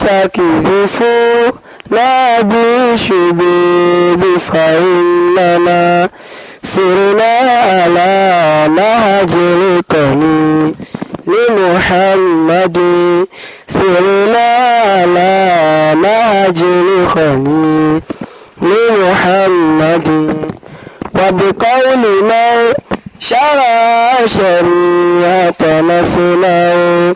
تكذفوا لا بالشذوذ فإننا سرنا على نهج القوم لمحمد سرنا على نهج القوم لمحمد وبقول من شرع شريعة نسناه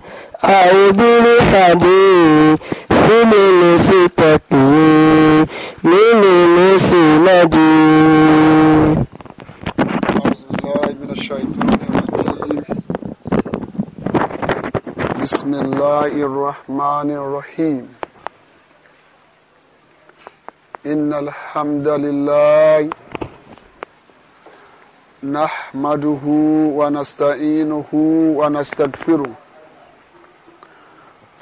àìbírí pàdé sínú ní sí tẹ̀pù nínú ní sí lọ́dí. بسم الله الرحمن الرحيم إن الحمد لله نحمده ونستعينه ونستغفره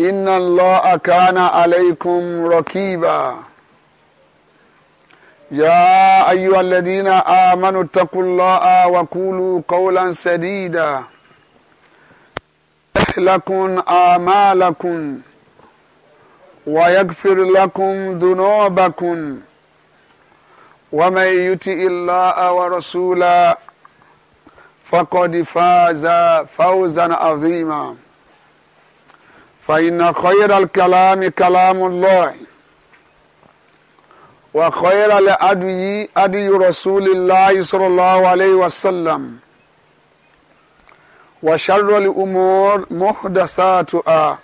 إن الله كان عليكم ركيبا يا أيها الذين آمنوا اتقوا الله وقولوا قولا سديدا لكم آمالكم ويغفر لكم ذنوبكم ومن يطع الله ورسوله فقد فاز فوزا عظيما فإن خير الكلام كلام الله وخير الأدوي أدي رسول الله صلى الله عليه وسلم وشر الأمور محدثاتها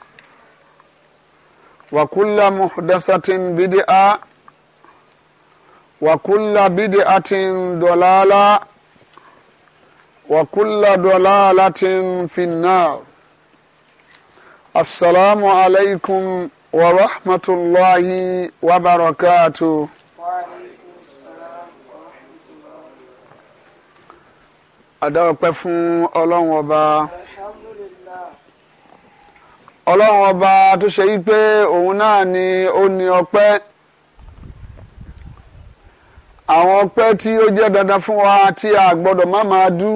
وكل محدثة بدعة وكل بدعة ضلالة وكل ضلالة في النار السلام عليكم ورحمة الله وبركاته. barakatu. Adá ọpẹ́ fún ọlọ́run ọba. Ọlọ́run ọba tó ṣe yí pé òun náà ni ó ní ọpẹ́ àwọn ọpẹ́ tí ó jẹ́ dandan fún wa tí a gbọ́dọ̀ má máa dú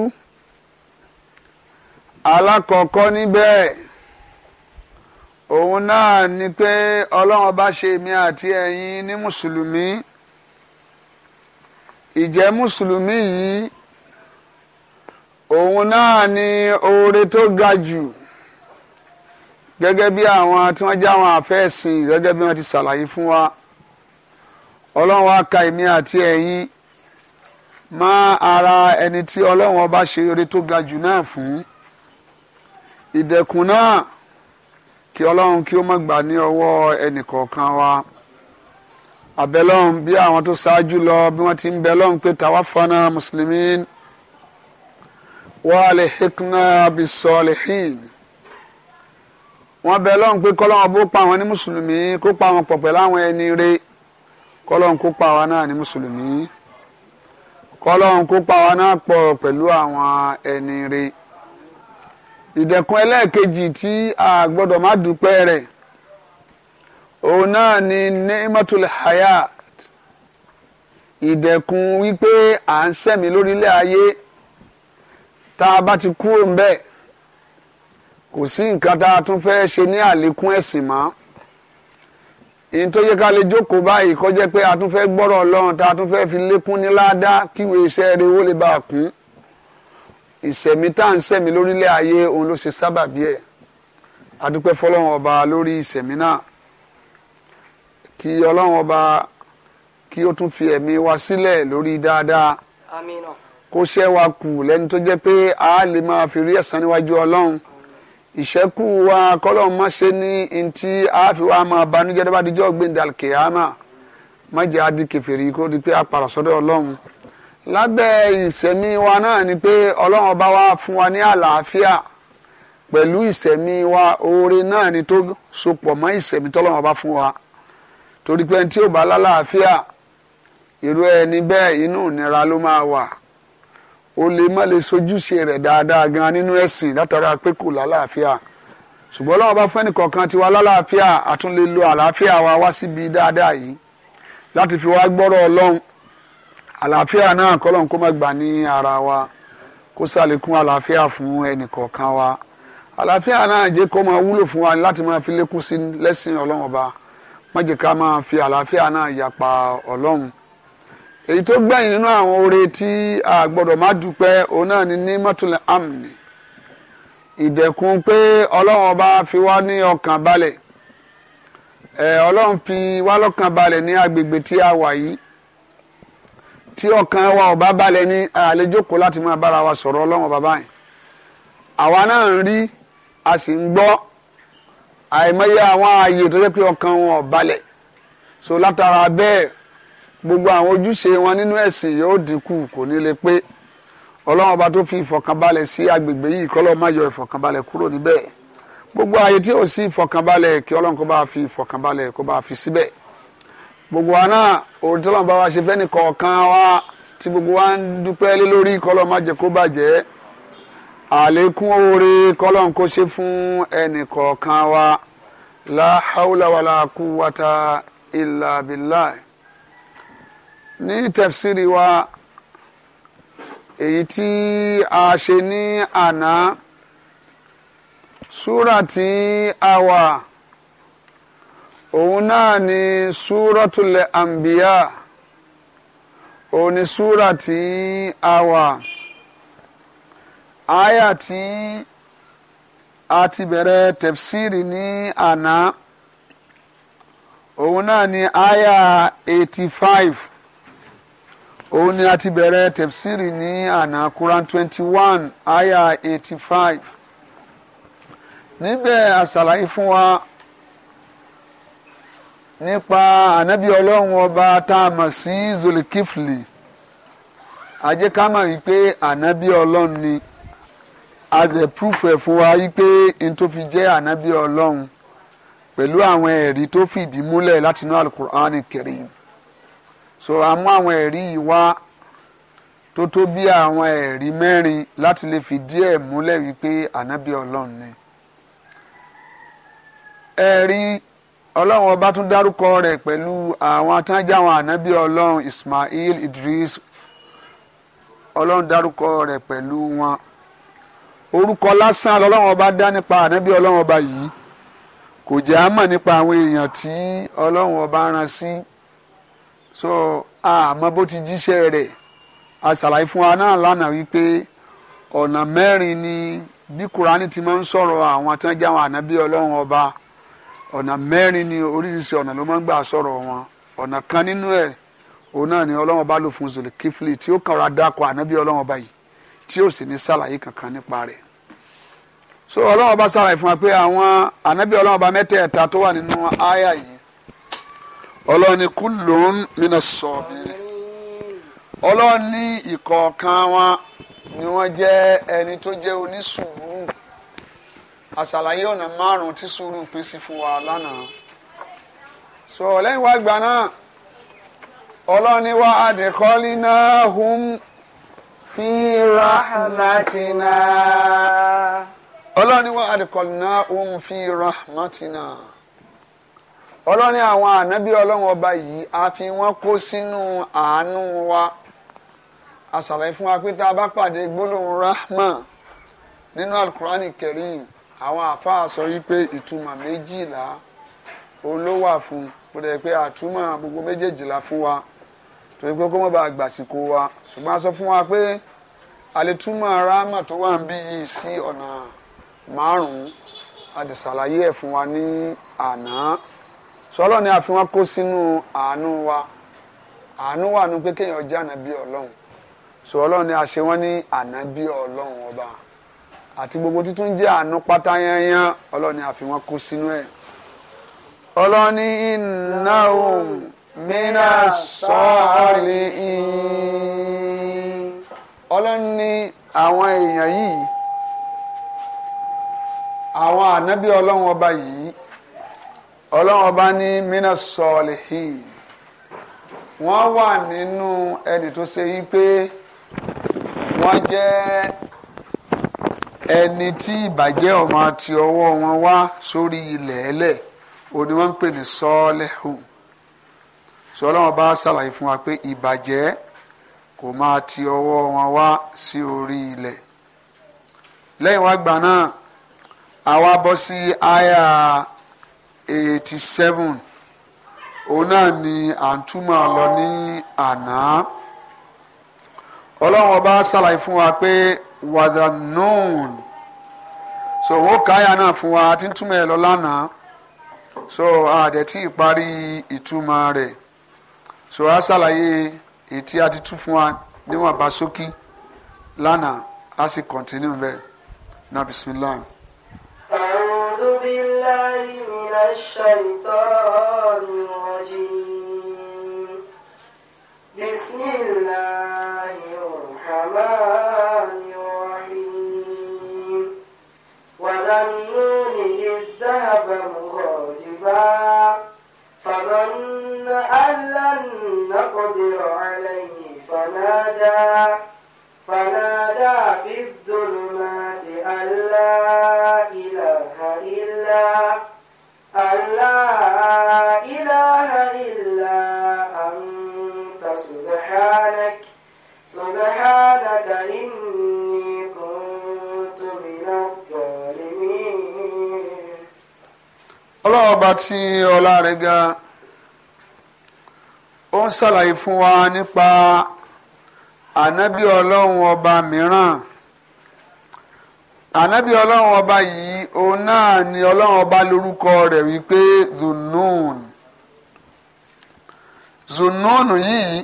alákọ̀ọ́kọ́ níbẹ̀ òun náà ni pé ọlọ́run bá ṣe èmi àti ẹ̀yin ní mùsùlùmí ìjẹ́ mùsùlùmí yìí òun náà ni oore tó ga jù gẹ́gẹ́ bí àwọn tí wọ́n jẹ́ àwọn àfẹ́sìn gẹ́gẹ́ bí wọ́n ti ṣàlàyé fún wa ọlọ́run wá ka èmi àti ẹ̀yin má ara ẹni tí ọlọ́run ọba ṣe oore tó ga jù náà fún ìdẹ̀kùn náà kí ọlọ́run kí ó má gbà ní ọwọ́ ẹnìkọ̀ọ̀kan wa àbẹ̀lọ́run bí àwọn tó ṣáájú lọ bí wọ́n ti ń bẹ lọ́run pé tàwa fana muslimin wa alihikna bisolihin wọ́n bẹ lọ́run pé kọ́lọ́run bó pa àwọn ní mùsùlùmí kó pa àwọn pọ̀ pẹ̀lú àwọn ẹni re kọ́lọ́run kó pa àwa náà ní mùsùlùmí kọ́lọ́run kó pa àwa náà pọ̀ pẹ̀lú àwọn ẹni re ìdẹ̀kùn ẹlẹ́ẹ̀kejì tí a gbọ́dọ̀ má dúpẹ́ rẹ̀ òun náà ni nimatul hayat ìdẹ̀kùn wípé à ń sẹ̀mí lórílẹ̀ ayé tá a bá ti kúrò ń bẹ̀ kò sí nǹkan tá a tún fẹ́ ṣe ní àlékún ẹ̀sìn mọ́ ìyẹn tó yẹ ká lè jókòó báyìí kó pé a tún fẹ́ gbọ́rọ̀ ọlọ́run tá a tún fẹ́ fi lékún ní kíwèé iṣẹ́ rẹ̀ wó lè bá a kún ìṣẹ̀mí tá à ń ṣẹ̀mí lórílẹ̀ ayé òun ló ṣe sábàbí ẹ̀ adúpẹ́ fọlọ́run ọba lórí ìṣẹ̀mí náà kí ọlọ́run ọba kí ó tún fi ẹ̀mí wa sílẹ̀ lórí dáadáa kó ṣẹ́ wa kù lẹ́ni tó jẹ́ pé a lè máa fi rí ẹ̀san níwájú ọlọ́run ìṣẹ́kù wa kọ́lọ́run má ṣe ní ntí a fi wá máa banújẹ́ dábàá díjọ́ gbẹ̀ndàlkè àmà má jẹ́ adìkèfèrè kó di pé a pàrọ̀ sọ́dọ̀ ọlọ́run lábẹ́ ìṣẹ̀mí wa náà ni pé ọlọ́run ọba wa fún wa ní àlàáfíà pẹ̀lú ìṣẹ̀mí wa oore náà ni tó sopọ̀ mọ́ ìṣẹ̀mí tọ́lọ́run ọba fún wa torí pé tí ò bá lálàáfíà irú ẹni bẹ́ẹ̀ inú ìnira ló máa wà o lè má lè sojúṣe rẹ̀ dáadáa gan nínú ẹ̀sìn látara pé kò lálàáfíà ṣùgbọ́n ọlọ́run ọba fún ẹnìkọ̀ọ̀kan tiwa lálàáfíà àtúnlélò àlàáfíà wa wá síbi dáadáa yìí láti fi wá gbọ́rọ̀ ọlọ́run àlàáfíà náà kọ́lọ́n kó má gbà ní ara wa kó ṣàlékún àlàáfíà fún ẹnìkọ̀ọ̀kan wa àlàáfíà náà jẹ́ kó máa wúlò fún wa láti máa fi lékún sí lẹ́sìn ọlọ́run ọba má máa fi àlàáfíà náà yapa ọlọ́run èyí tó gbẹ̀yìn nínú àwọn oore tí a gbọ́dọ̀ má dúpẹ́ òun náà ni ní mọ́tòlẹ̀ amni ìdẹ̀kùn pé ọlọ́run ọba fi wá ní ọkàn balẹ̀ ọlọ́run fi wá lọ́kàn balẹ̀ ní agbègbè tí a wà yìí tí ọkàn wa ò bá balẹ̀ ní àlejòkó láti máa bára wa sọ̀rọ̀ ọlọ́run bàbá yẹn àwa náà ń rí a sì ń gbọ́ àìmọye àwọn ààyè tó jẹ́ pé ọkàn wọn ò balẹ̀ so látara bẹ́ẹ̀ gbogbo àwọn ojúṣe wọn nínú ẹ̀sìn yóò dínkù kò ní lè pé ọlọ́run ọba tó fi ìfọ̀kànbalẹ̀ sí agbègbè yìí kọ́lọ́ má yọ ìfọ̀kànbalẹ̀ kúrò níbẹ̀ gbogbo ààyè tí ò sí ìfọ̀kànbalẹ̀ kí ọlọ́run kó bá fi ìfọ̀kànbalẹ̀ kó bá fi síbẹ̀ gbogbo wa náà orí tí ọlọ́run bá wa ṣe fẹ́ nìkọ̀ọ̀kan wa tí gbogbo wa ń dúpẹ́ lé lórí kọ́lọ́ má jẹ́ kó bàjẹ́ àlékún oore kọ́lọ́n kó ṣe fún ẹnìkọ̀ọ̀kan wa la haula wala quwwata illa billah ní tẹ̀fsíìrì wa èyí tí a ṣe ní àná súrà tí a wà òun náà ni súrọ́tul àǹbíyà òun ni súrà tí a wà àyà tí a ti bẹ̀rẹ̀ tẹ̀fsíìrì ní àná òun náà ni àyà eighty five òun ni a ti bẹ̀rẹ̀ tẹ̀fsíìrì ní àná Quran twenty one àyà eighty five níbẹ̀ àṣàlàyé fún wa nípa ànábì ọlọ́run ọba tá a mọ̀ sí zulkifli ajé ká mọ̀ wípé ànábì ọlọ́run ni a lè púrúfù ẹ̀ fún wa wípé n tó fi jẹ́ ànábì ọlọ́run pẹ̀lú àwọn ẹ̀rí tó fìdí múlẹ̀ látinú alukur'an Karim so a mú àwọn ẹ̀rí yìí wá tó tó bí àwọn ẹ̀rí mẹ́rin láti lè fìdí ẹ̀ múlẹ̀ wípé ànábì ọlọ́run ni ẹ̀rí ọlọ́run ọba tún dárúkọ rẹ̀ pẹ̀lú àwọn atánjá àwọn ànábì ọlọ́run Ismail Idris ọlọ́run dárúkọ rẹ̀ pẹ̀lú wọn orúkọ lásán lọ́lọ́run ọba dá nípa ànábì ọlọ́run ọba yìí kò jẹ́ á mọ̀ nípa àwọn èèyàn tí ọlọ́run ọba rán sí so àmọ́ bó ti jíṣẹ́ rẹ̀ a ṣàlàyé fún wa náà lánàá wípé ọ̀nà mẹ́rin ni bí Kùránì ti máa ń sọ̀rọ̀ àwọn atánjá àwọn ànábì ọlọ́run ọba ọ̀nà mẹ́rin ni oríṣiríṣi ọ̀nà ló máa ń gbà sọ̀rọ̀ wọn ọ̀nà kan nínú ẹ̀ òun náà ni ọlọ́wọ́n bá lò fún Zulkifli tí ó kàn ra dákọ̀ ànábì ọlọ́wọ́n báyìí tí ó sì ní sàlàyé kankan nípa rẹ̀ so ọlọ́wọ́n bá sàlàyé fún wa pé àwọn ànábì ọlọ́wọ́n bá mẹ́tẹ̀ẹ̀ta tó wà nínú àyà yìí ọlọ́wọ́n ni kullun mina sọ̀bìrì ọlọ́wọ́n ìkọ̀ọ̀kan wọn ni wọ́n jẹ́ ẹni tó jẹ́ onísùúrù àṣàlàyé ọ̀nà márùn-ún tí sùúrù pín sí fún wa lánàá so lẹ́yìn wá gbà náà ọlọ́ni wa àdìkọ́lì náà hùm fi rahmatina ọlọ́ni wa àdìkọ́lì náà hùm fi rahmatina ọlọ́ni àwọn ànábí ọlọ́run ọba yìí a fi wọ́n kó sínú àánú wa a ṣàlàyé fún wa pé tá a bá pàdé gbólóhùn rahma nínú alukurani kerim àwọn àfáà sọ wípé ìtumọ̀ méjìlá òun ló wà fún bó dẹ̀ pé àtúmọ̀ gbogbo méjèèjìlá fún wa torí pé kó mọ̀ bá gbàsìkò wa ṣùgbọ́n a sọ fún wa pé àletúmọ̀ rámà tó wà ń bí yìí sí ọ̀nà márùn-ún a ti ṣàlàyé ẹ̀ fún wa ní àná sọlọ́ ni àfihàn kó sínú àánú wa àánú wà nù pé kéèyàn jẹ́ ànábì ọlọ́run sọlọ́ ni a ní ànábì ọlọ́run ọba àti gbogbo títún jẹ́ àánú pátá yányán ọlọ́ni àfi wọn kó sínú ẹ̀ ọlọ́ni innahum mina salihin ọlọ́ni àwọn èèyàn yìí àwọn ànábì ọlọ́run ọba yìí ọlọ́run ọba ní mina salihin wọ́n wà nínú ẹni tó ṣe yí pé wọ́n jẹ́ ẹni tí ìbàjẹ́ ọmọ ti ọwọ́ wọn wá sórí ilẹ̀ ẹlẹ̀ òní wọ́n ń pè ní sọ́ọ́lẹ́hù sọlọ́wọ́n bá ṣàlàyé fún wa pé ìbàjẹ́ kò máa ti ọwọ́ wọn wá sí orí ilẹ̀ lẹ́yìn wá gbà náà àwa bọ́ sí àyà eighty seven òun náà ni à ń túmọ̀ lọ ní àná ọlọ́wọ́n bá ṣàlàyé fún wa pé wàdà nùn so wọ́n káyà náà fún wa àti túmọ̀ ẹ̀ lọ lánàá so àdẹ̀tí ìparí ìtumọ̀ rẹ̀ so a ṣàlàyé ètí àti tú fún wa níwọ̀nba sókí lánàá a sì kọ̀ntínú bẹ́ẹ̀ náà bisimilahi. أعوذ بالله من الشيطان الرجيم بسم الله الرحمن فلم يوله الذهب مغاجبا فظن أن لن نقدر عليه فنادى فنادى في الظلمات أن لا إله إلا أن لا إله إلا أنت سبحانك سبحانك إني ọlọ́ọ̀ba tí ọlá rẹ̀ ga ó ń ṣàlàyé fún wa nípa ànábì ọlọ́run ọba mìíràn ànábì ọlọ́run ọba yìí òun náà ni ọlọ́run ọba lórúkọ rẹ̀ wípé zunun zunun yìí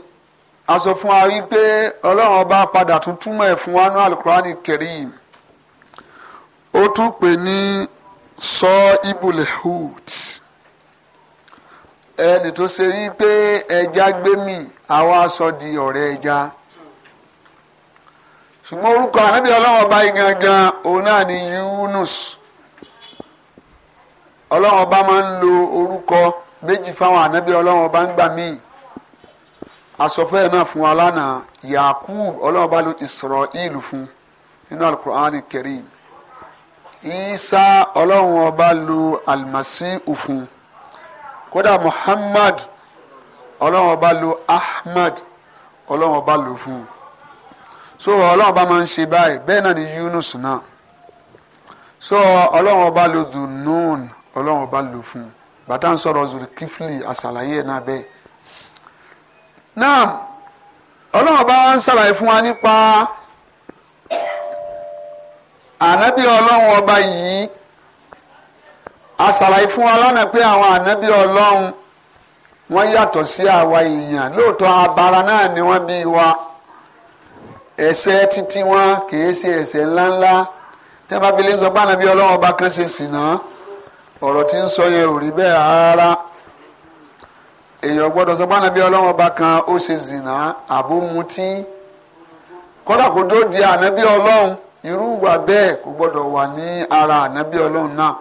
a sọ fún wa wípé ọlọ́run ọba padà tún túmọ̀ ẹ̀ fún wa ní alukurani kerim ó tún pè ní. sọ ibùlẹ̀ hoot ẹni tó ṣe yí pé ẹja gbé mì àwa sọ di ọ̀rẹ́ ẹja ṣùgbọ́n orúkọ ànábì ọlọ́wọ́n ọba yìí gangan òun náà ni Yunus ọlọ́wọ́n ọba máa ń lo orúkọ méjì fáwọn ànábì ọlọ́wọ́n ọba ń gbà míì asọ̀fẹ́ náà fún wa lánàá Yakub ọlọ́wọ́n ọba lo Israel fún nínú alukur'an Karim isa ọlọ́run ọba lu almasi ufun kódà muhammad ọlọ́run ọba lu ahmad ọlọ́run ọba lu fún so ọlọ́run ọba máa ń ṣe báyìí bẹ́ẹ̀ náà ni yunus náà so ọlọ́run ọba lu dunun ọlọ́run ọba lu fún bàtà ń sọ̀rọ̀ zulkifli àṣàlàyé ẹ̀ náà bẹ́ẹ̀ náà ọlọ́run ọba ń ṣàlàyé fún wa nípa ànábì ọlọ́run ọba yìí a ṣàlàyé fún wa lánàá pé àwọn ànábì ọlọ́run wọ́n yàtọ̀ sí àwa èèyàn lóòótọ́ abara náà ni wọ́n bí wa ẹ̀ṣẹ̀ títí wọn kìí ṣe ẹ̀ṣẹ̀ ńláńlá tí wọ́n bá fi lè sọ pé ànábì ọlọ́run ọba kan ṣe ṣìnà ọ̀rọ̀ tí ń sọ yẹn ò rí bẹ́ẹ̀ rárá èèyàn gbọ́dọ̀ sọ pé ànábì ọlọ́run ọba kan ó ṣe ṣìnà àbómutí kódà kó tó di ànábì ọlọ́run irú wa bẹ́ẹ̀ kò gbọ́dọ̀ wà ní ara ànábì ọlọ́run náà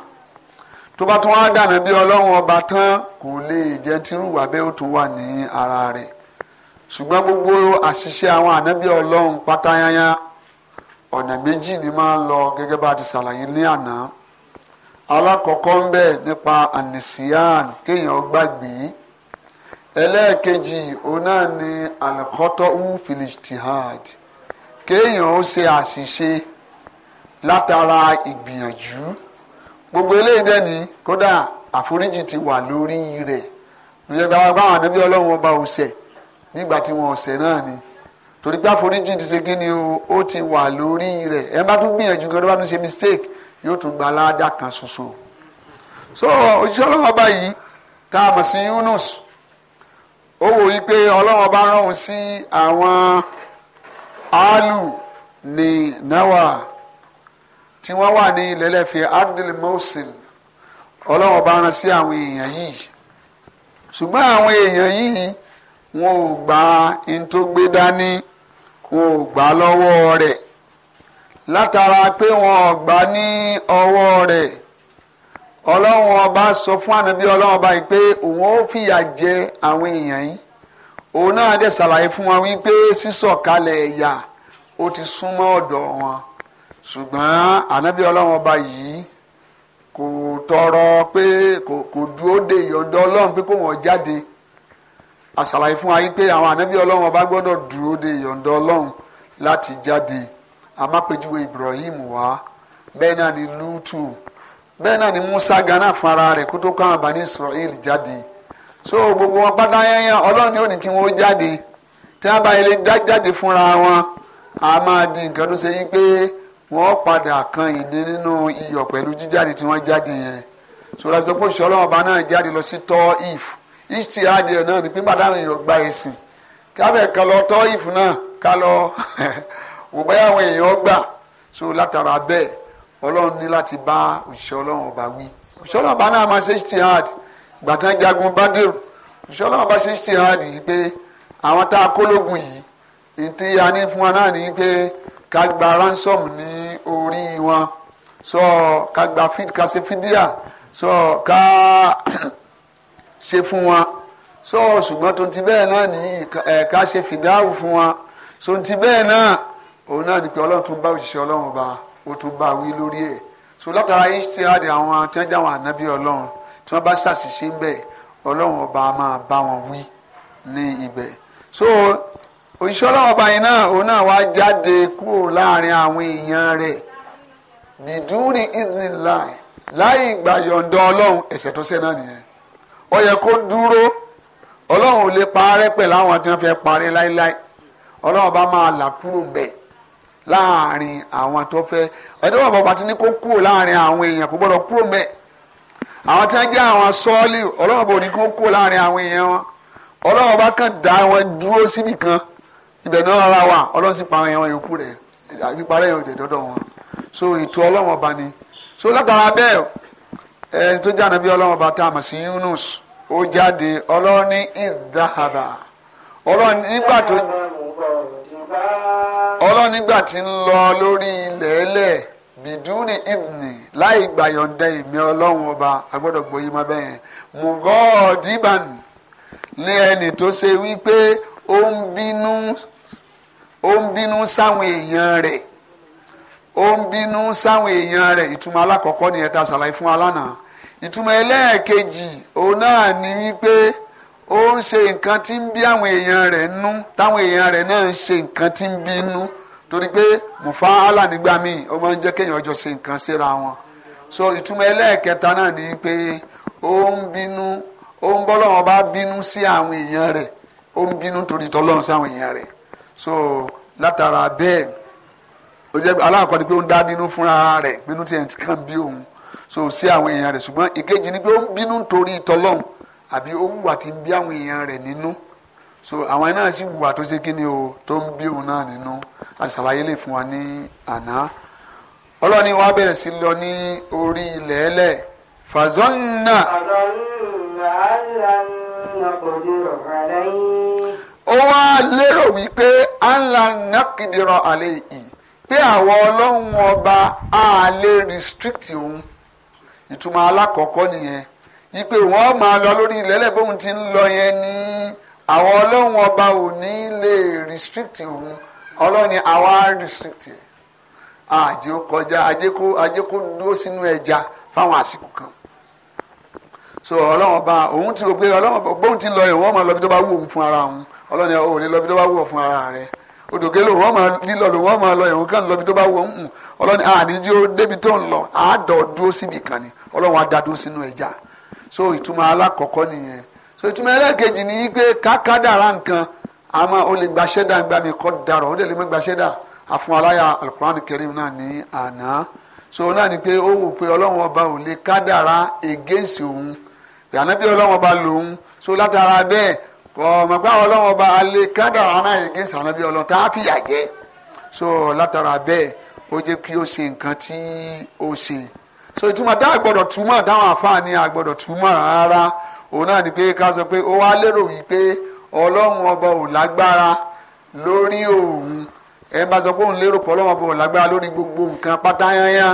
tó bá tún wá dà ànábì ọlọ́run ọba tán kò lè jẹ́ tí irú wa bẹ́ẹ̀ ó tún wà ní ara rẹ̀ ṣùgbọ́n gbogbo àṣìṣe àwọn ànábì ọlọ́run pátáyáyá ọ̀nà méjì ni máa ń lọ gẹ́gẹ́ bá a ti ṣàlàyé ní àná alákọ̀ọ́kọ́ ń bẹ nípa anisiyan kéèyàn gbàgbé ẹlẹ́ẹ̀kejì òun náà ni alikọ́tọ́ ń filistihad. kéèyàn ó ṣe àṣìṣe látara ìgbìyànjú gbogbo eléyìí dẹ́ni kódà àforíjì ti wà lórí rẹ̀ lóye gbàgbọ́ àwọn ànábí ọlọ́run ọba ọ̀sẹ̀ nígbà tí wọ́n ọ̀sẹ̀ náà ni torí pé àforíjì ti ṣe kíni o ó ti wà lórí rẹ̀ ẹ bá tún gbìyànjú kan tó bá tún ṣe mistake yóò tún gba aládà kan ṣoṣo so òṣìṣẹ́ ọlọ́run ọba yìí tá a mọ̀ sí Yunus ó wò yí ọlọ́run ọba rán òun sí àwọn alu ni nawa, tí wọ́n wà ní ilẹ̀lẹ́fẹ̀ abdul mosul ọlọ́wọ́ bá rán sí àwọn èèyàn yìí ṣùgbọ́n àwọn èèyàn yìí wọn ò gba n tó gbé dání wọn ò gbà lọ́wọ́ rẹ̀ látara pé wọn ò gbà ní ọwọ́ rẹ̀ ọlọ́wọ́n ọba sọ fún ànábí ọlọ́wọ́n ọba yìí pé òun ó fìyà jẹ àwọn èèyàn yìí òun náà dẹ̀ ṣàlàyé fún wa wípé sísọ̀kalẹ̀ ẹ̀yà ó ti súnmọ́ ọ̀dọ̀ wọn ṣùgbọ́n ànábì ọlọ́run ọba yìí kò tọrọ pé kò dúró de ìyọ̀ǹda ọlọ́run pé kò wọ́n jáde àṣàlàyé fún wa wípé àwọn ànábì ọlọ́run ọba gbọ́dọ̀ dúró de ìyọ̀ǹda ọlọ́run láti jáde àmápéjúwe Ibrahim wá bẹ́ẹ̀ náà ni Lútù bẹ́ẹ̀ náà ni Musa gánà fún ara rẹ̀ kó àwọn Bani Israel jáde so gbogbo wọn pátá yẹnyẹn ọlọ́run ni ó ní kí wọ́n jáde tí wọ́n bá ilé jáde fúnra wọn a máa di nǹkan tó ṣe yí pé wọ́n padà kan ìdí nínú iyọ̀ pẹ̀lú jíjáde tí wọ́n jáde yẹn so láti sọ pé òṣìṣẹ́ ọlọ́run ọba náà jáde lọ sí tọ́ if ìṣì adìẹ náà ni pé bàtà àwọn èèyàn gba ẹ̀sìn káfẹ́ kan lọ tọ́ if náà ká lọ wò báyà àwọn èèyàn gbà so látara bẹ́ẹ̀ ọlọ́run ní láti bá òṣìṣẹ́ ọlọ́run ọba wí òṣìṣẹ́ ọlọ́run ọba náà máa ṣe ìṣì adìẹ gbàtàn jagun bádìrù ìṣọlá wọn bá ṣe ń ṣe àádìí pé àwọn tá a kó lógun yìí ìtì àní fún wa náà ní pé ká gba ransom ní orí wọn sọ ká gba ká sọ ká ṣe fún wọn sọ ṣùgbọ́n tó ti bẹ́ẹ̀ náà ní ká ṣe fìdáhù fún wọn so ti bẹ́ẹ̀ náà òun náà ni pé ọlọ́run tún bá òṣìṣẹ́ ọlọ́run bá ó tún bá wí lórí ẹ̀ so látara yìí ti àdé àwọn tẹ́jáwọn ànábì ọlọ́run tí wọ́n bá ṣàṣìṣe ń bẹ̀ ọlọ́run ọba máa bá wọn wí ní ibẹ̀ so òṣìṣẹ́ ọlọ́run ọba yìí náà òun náà wá jáde kúrò láàrin àwọn èèyàn rẹ̀ nìdúrí ìdínlá láì ìgbà yọ̀ǹda ọlọ́run ẹ̀ṣẹ̀ tó ṣẹ̀ náà nìyẹn ó yẹ kó dúró ọlọ́run ò lè parẹ́ pẹ̀lú àwọn tí wọ́n fẹ́ parẹ́ láéláé ọlọ́run ọba máa là kúrò bẹ́ẹ̀ láàrin àwọn tó fẹ́ ẹ̀dọ́gbọ̀n bàbá ti ní kó kúrò láàrin àwọn èèyàn kó gbọ́dọ̀ kúrò bẹ́ẹ̀ àwọn tí wọ́n jẹ́ àwọn sọ́ọ́lì ọlọ́run bò ní kó kó láàrin àwọn èèyàn wọn ọlọ́run bá kàn dá wọn dúró síbì kan ibẹ̀ náà ara wà ọlọ́run sì pa àwọn èèyàn yòókù rẹ̀ àbíparẹ́ èèyàn òjò dọ́dọ̀ wọn so ètò ọlọ́run ọba ni so látara bẹ́ẹ̀ ẹni tó jáde bí ọlọ́run ọba tá a mọ̀ sí Yunus ó jáde ọlọ́run ní ìdáhàbà ọlọ́run nígbà tó ọlọ́run nígbà tí ń lọ lórí ilẹ̀ ẹlẹ́ẹ̀ bidúni ibni láì gbàyọ̀ǹdẹ ìmí ọlọ́run ọba agbọ́dọ̀ gbòye má bẹ́ẹ̀ mugọ́ọ̀dìbàn ní ẹni tó ṣe wípé ó ń bínú ó ń bínú sáwọn èèyàn rẹ̀ ó ń bínú sáwọn èèyàn rẹ̀ ìtumọ̀ alákọ̀ọ́kọ́ nìyẹn tá ṣàlàyé fún wa ìtumọ̀ ẹlẹ́ẹ̀kejì òun náà ni wípé ó ń ṣe nǹkan tí ń bí àwọn èèyàn rẹ̀ nú táwọn èèyàn rẹ̀ náà ń ṣe nǹkan tí ń bínú torí pé mùfáàlà nígbà míì ó máa ń jẹ́ kéèyàn ọjọ́ ṣe nǹkan síra wọn so ìtumọ̀ ẹlẹ́ẹ̀kẹta náà ni pé ó ń bínú ó ń bọ́lọ́wọ́n bá bínú sí àwọn èèyàn rẹ̀ ó ń bínú torí tọ́lọ́run sí àwọn èèyàn rẹ̀ so látara bẹ́ẹ̀ ó jẹ́ aláàkọ́ ni pé ó ń dá bínú fúnra rẹ̀ bínú tí ti kàn bí òun so sí àwọn èèyàn rẹ̀ ṣùgbọ́n ìkejì ni pé ó ń bínú torí tọ́lọ́run àbí ó wùwà tí ń bí àwọn èèyàn rẹ̀ nínú so àwọn náà sì wùwà tó ṣe kíni o tó ń bí òun náà nínú àti sàlàyé lè fún wa ní àná ọlọ́ni wa bẹ̀rẹ̀ sí lọ ní orí ilẹ̀ ẹlẹ̀ fàzọ́nà. ó wá lérò wípé ànlá nàkìdìrọ̀ àlẹ́ yìí pé àwọn ọlọ́run ọba á lè restrict òun ìtumọ̀ alákọ̀ọ́kọ́ nìyẹn yí wọ́n máa lọ lórí ilẹ̀ ẹlẹ̀ bóun ti ń lọ yẹn ní. Ni àwọn ọlọ́run ọba ò ní lè restrict òun ọlọ́run ni àwa restrict ẹ̀ àjẹ́ ó kọjá àjẹ́ kó àjẹ́ kó dúró sínú ẹja fáwọn àsìkò kan so ọlọ́run ọba òun ti rò pé ọlọ́run ọba bóun ti lọ ẹ̀ wọ́n máa lọ bí tó bá wù òun fún ara òun ọlọ́run ò ní lọ bí tó bá wù ọ́ fún ara rẹ̀ odòkè ló wọ́n máa lílọ ló wọ́n máa lọ ẹ̀ wọ́n kàn lọ bí tó bá wù òun ọlọ́run àníjí ó débi tó ń lọ àádọ́ dúró síbi kan ni ọlọ́run á dá dúró sínú ẹja so ìtumọ̀ alákọ̀ọ́kọ́ nìyẹn so ìtumọ̀ ni wípé káká dára nǹkan àmọ́ o lè gbaṣẹ́ dà ńgbà mi kọ́ dàrọ̀ o lè lè mọ́ gbaṣẹ́ dà àfún aláya alukurani kẹrim náà ní àná so náà ni pé ó wù pé ọlọ́run ọba ò lè ká dára against òun ìyànà bí ọlọ́run ọba lòun so látara bẹ́ẹ̀ ọmọ pé àwọn ọlọ́wọ́n ọba alẹ́ kádàrá náà yìí gẹ̀ẹ́sì ànábì ọlọ́run tá a fi yà so látara bẹ́ẹ̀ ó jẹ́ kí ó ṣe nǹkan tí ó ṣe so ìtumọ̀ dá àgbọ̀dọ̀ túmọ̀ dáhùn àfáàní àgbọ̀dọ̀ túmọ̀ rárá òun náà ni pé ká sọ pé ó wá lérò wípé ọlọ́run ọba ò lágbára lórí òun ẹ bá sọ pé òun lérò pé ọlọ́run ọba ò lágbára lórí gbogbo nǹkan pátáyányá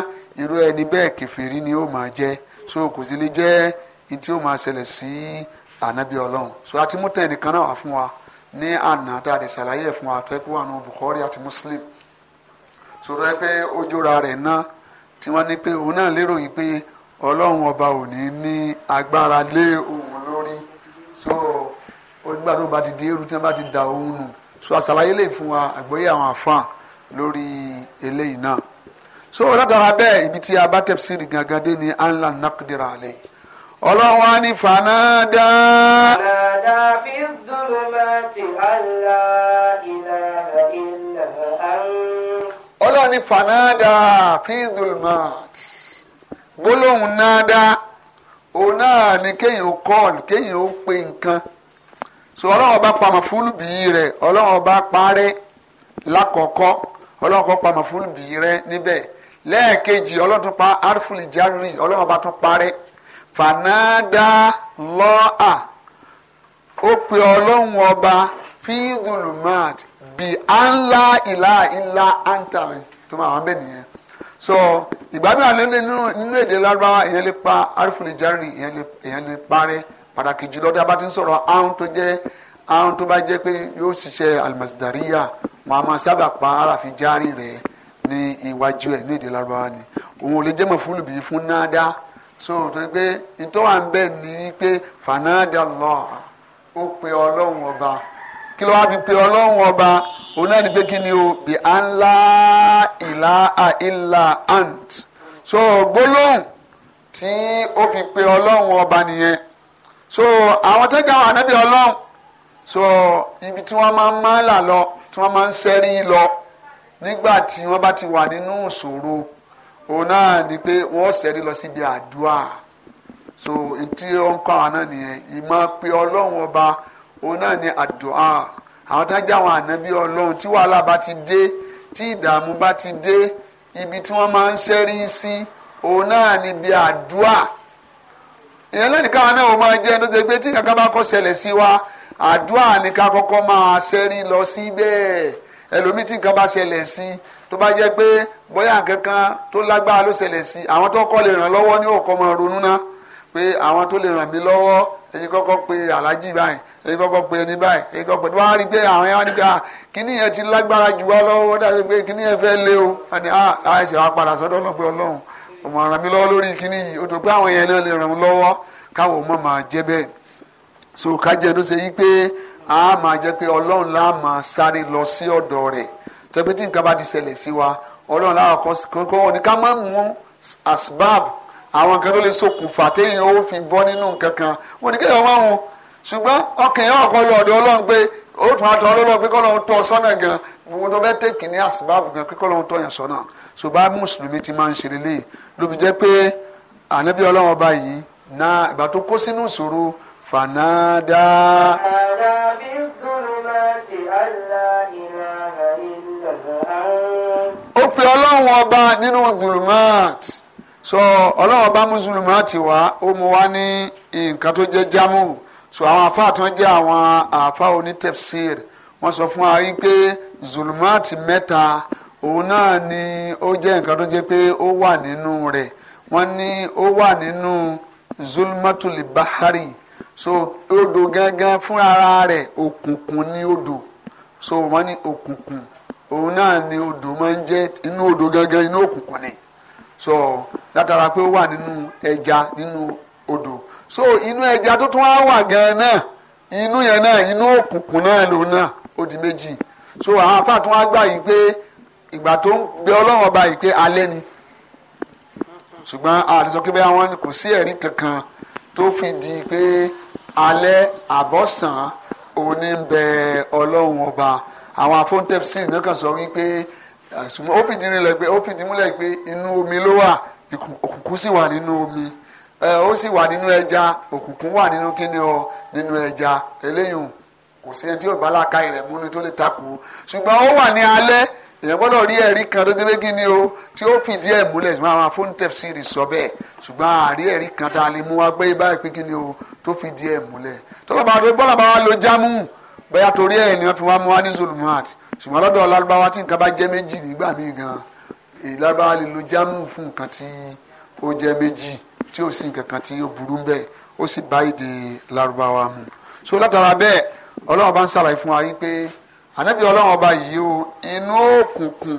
irú ẹni bẹ́ẹ̀ kèfèrí ni ó máa jẹ́ so kò sí lè jẹ́ ní tí ó máa ṣẹlẹ̀ sí ànábì ọlọ́run so àti mú tẹ̀ nìkan náà wá fún wa ní àná tá a lè ṣàlàyé fún wa tó ẹ kó wà nù Bukhari àti Muslim sọ̀rọ̀ ẹ pé ojú rẹ̀ ná tí wọ́n ní pé òun náà lérò yìí pé ọlọ́run ọba ò ní ní agbára lé òun lórí so onígbà tó bá ti di eru tí wọ́n bá ti da òun nù so àṣàlàyé lè fún wa àgbọ́yé àwọn àfàn lórí eléyìí náà so látara bẹ́ẹ̀ ibi tí a bá tẹ̀ sí ní gangan dé ni anla nakdira alẹ́ ọlọ́run wa ní fanada. fanada fi dhulumati alla ilaha illa ant. ọlọ́run ní fanada fi dhulumati gbólóhùn náà dá òun náà ni kéèyàn kọ́ọ̀lù kéèyàn ó pe nǹkan so ọlọ́run ọba pa màfúlù bìí rẹ̀ ọlọ́run ọba parẹ́ lákọ̀ọ́kọ́ ọlọ́run kọ́ pa màfúlù bìí rẹ̀ níbẹ̀ lẹ́ẹ̀kejì ọlọ́run tún pa arfuli jarri ọlọ́run ọba tún parẹ́ fanada lọ́à ó pe ọlọ́run ọba fíìdùlùmáàt bí anla ìlà ìlà àǹtàrẹ̀ tó máa wà bẹ́ẹ̀ nìyẹn so ìgbàgbọ́ àlẹ́ nínú nínú èdè lárúbáwá èèyàn lè pa arúfúnni járì èèyàn lè parẹ́ pàtàkì jùlọ tí a bá ti ń sọ̀rọ̀ ahun tó jẹ́ ahun tó bá jẹ́ pé yóò ṣiṣẹ́ alimasidariya wọn a máa sábà pa aráàfin járì rẹ̀ ní iwájú ẹ̀ ní èdè lárúbáwá ni òun ò lè jẹ́ mọ̀ bíi fún náádá so torí pé ìtọ́wà ń bẹ̀ ní pé fanáàdà ó pe ọlọ́run ọba kí ló wá fi pe ọlọ́run ọba òun náà ni pé kí ni o bí à ń la ìlà àìlà ant so gbólóhùn tí ó fi pe ọlọ́run ọba nìyẹn so àwọn tó gbà wà nábì ọlọ́run so ibi tí wọ́n máa ń máa là lọ tí wọ́n máa ń sẹ́rí lọ nígbà tí wọ́n bá ti wà nínú ìṣòro òun náà ni pé wọ́n sẹ́rí lọ síbi àdúrà so ìtí ó ń kọ́ àwọn náà nìyẹn ìmọ̀ pé ọlọ́run ọba òun náà ni àdúà àwọn tá a jẹ́ àwọn ànábí ọlọ́run tí wàhálà bá ti dé tí ìdààmú bá ti dé ibi tí wọ́n máa ń ṣẹ́rí sí òun náà ni bí àdúà èèyàn lónìí káwọn náà wọ́n máa jẹ́ ẹni tó ṣe pé tí kankan bá kọ́ ṣẹlẹ̀ sí wa àdúà ni ká kọ́kọ́ máa ṣẹ́rí lọ sí bẹ́ẹ̀ ẹlòmíì tí nǹkan bá ṣẹlẹ̀ sí tó bá jẹ́ pé bóyá nǹkan kan tó lágbára ló ṣẹlẹ̀ sí àwọn tó kọ́ lè ràn lọ́wọ́ ní òkọ́ máa ronú ná pé àwọn tó lè ràn mí lọ́wọ́ ẹ̀yin kọ́kọ́ pé aláàjì báyìí èyí kọ́kọ́ pé ní báyìí èyí kọ́kọ́ pé wọ́n á rí i pé àwọn yẹn wá ní pé kíní yẹn ti lágbára jù wá lọ́wọ́ wọ́n dàbí pé kíní yẹn fẹ́ lé o wọ́n ní àìsàn apàdà sọ́dọ̀ ọlọ́pẹ ọlọ́run ọmọ ràn mí lọ́wọ́ lórí kíní yìí o tó pé àwọn yẹn lè ràn mí lọ́wọ́ káwọn ọmọ máa jẹ́ bẹ́ẹ̀ so kájẹ ló ṣe yí pé a máa jẹ́ pé ọlọ́run lá máa sáré lọ sí ọ̀dọ̀ rẹ̀ tó nǹkan bá wa ọlọ́run láwọn kọ́kọ́ wọn ni ká má mú asbab àwọn nǹkan tó lè ṣokùnfà téèyàn ó fi ni kéèyàn máa wọn ṣùgbọ́n ọkàn yẹn ọkọ lọ ọ̀dọ̀ Ọlọ́run pé ó tún àtọ Ọlọ́run pé kọlọrun tọ́ sọ́nà gan gbogbo tó fẹ́ tèkì ní àsìbáàbù gan pé kọlọrun tọ́ yẹn sọ́nà ṣùgbọ́n mùsùlùmí ti máa ń ṣe lélẹ̀ lóbi jẹ́ pé ànábì Ọlọ́run ọba yìí na ìgbà tó kó sínú ìṣòro fànádà. fànádà bí ó pe Ọlọ́run ọba nínú gulumat so Ọlọ́run ọba mú gulumat wá ó mú wá ní nǹkan tó jẹ́ jámù so àwọn àfa tí wọ́n jẹ́ àwọn àfa onítẹ̀fsir wọ́n sọ fún wa wípé zulumati mẹ́ta òun náà ni ó jẹ́ nǹkan tó jẹ́ pé ó wà nínú rẹ̀ wọ́n ní ó wà nínú zulmatul bahari so odò gangan fún ara rẹ̀ òkùnkùn ni odò so wọ́n ní òkùnkùn òun náà ni odò máa ń jẹ́ inú odò gangan inú òkùnkùn ni so látara pé ó wà nínú ẹja nínú odò so inú ẹja tó tún wá wà gan náà inú yẹn náà inú òkùnkùn náà lòun náà ó di méjì so àwọn apá tó wá gbà yìí pé ìgbà tó ń gbé ọlọ́run ọba yìí pé alẹ́ ni ṣùgbọ́n àdìsọ pé àwọn kò sí ẹ̀rí kankan tó fi di pé alẹ́ àbọ̀sán òun ní bẹ ọlọ́run ọba àwọn afọ́ńtẹ́fsì náà kàn sọ wípé ó fìdí múlẹ̀ pé inú omi ló wà òkùnkùn sì wà nínú omi ó sì wà nínú ẹja òkùnkùn wà nínú kíni o nínú ẹja eléyìí kò sí ẹni tí yóò bá làákàyè rẹ̀ ni tó lè takò ṣùgbọ́n ó wà ní alẹ́ èèyàn gbọ́dọ̀ rí ẹ̀rí kan tó débé kí ni o tí ó fìdí ẹ̀ múlẹ̀ ṣùgbọ́n àwọn fóònù tẹ̀síìrì sọ bẹ́ẹ̀ ṣùgbọ́n àrí ẹ̀rí kan tá a lè mú wa gbé báyìí pé kí ni o tó fìdí ẹ̀ múlẹ̀ tọ́lọ́ba àti ni wọ́n fi wá mú wa ní zulumat ṣùgbọ́n jámù fún nǹkan tí ó jẹ́ méjì tí ó sì kankan tí ó burú bẹ́ẹ̀ ó sì bá èdè Lárúbáwá mu so látara bẹ́ẹ̀ Ọlọ́run bá ń ṣàlàyé fún wa yìí pé ànábì Ọlọ́run ọba yìí o inú òkùnkùn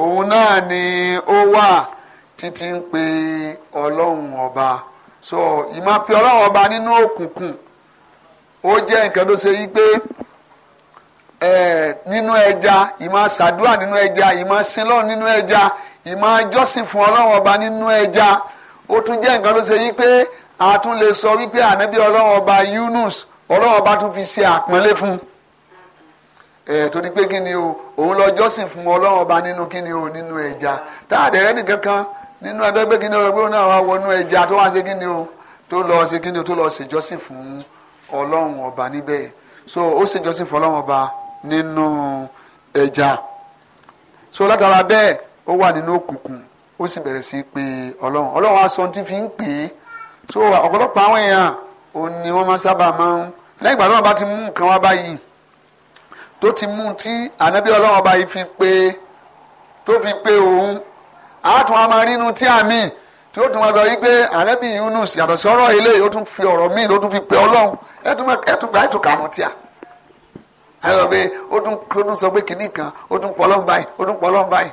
òun náà ni ó wà títí ń pe Ọlọ́run ọba so ìmọ̀ pé Ọlọ́run ọba nínú òkùnkùn ó jẹ́ nǹkan tó ṣe yí pé nínú ẹja ìmọ̀ ṣàdúrà nínú ẹja ìmọ̀ sinlọ́ọ̀ nínú ẹja ìmọ̀ jọ́sìn fún Ọlọ́run ọba nínú ẹja ó tún jẹ́ nǹkan ló ṣe yí pé a tún lè sọ wípé ànábì ọlọ́run ọba Yunus ọlọ́run ọba tún fi ṣe àpọ́nlé fún ẹ̀ torí pé kí ni o òun lọ jọ́sìn fún ọlọ́run ọba nínú kí ni o nínú ẹja tá a dẹ̀rẹ́ nìkan kan nínú ẹgbẹ́ pé kí ni o ẹgbẹ́ náà wá wọnú ẹja tó wá ṣe kí ni o tó lọ ṣe kí ni o tó lọ ṣèjọ́sìn fún ọlọ́run ọba níbẹ̀ so ó ṣèjọ́sìn fún ọlọ́run ọba nínú ẹja so látara bẹ́ẹ̀ ó wà nínú òkùnkùn ó sì bẹ̀rẹ̀ sí pé ọlọ́run ọlọ́run aṣọ ti fi ń pè é so ọ̀pọ̀lọpọ̀ àwọn èèyàn ò ní wọ́n máa sábà máa ń lẹ́yìn ìgbà tí wọ́n bá ti mú nǹkan wá báyìí tó ti mú tí ànábì ọlọ́run ọba yìí fi pé tó fi pé òun àátún wa máa rínú tí àmì tí ó tún máa sọ yìí pé ànábì Yunus yàtọ̀ sí ọ̀rọ̀ eléyìí ó tún fi ọ̀rọ̀ míì ló tún fi pé ọlọ́run ẹ̀tún gbà ẹ̀tún kàánú tíà ẹ̀rọ pé ó tún sọ pé kìnnìkan ó tún pọ̀ ọlọ́run báyìí ó tún pọ̀ ọlọ́run báyìí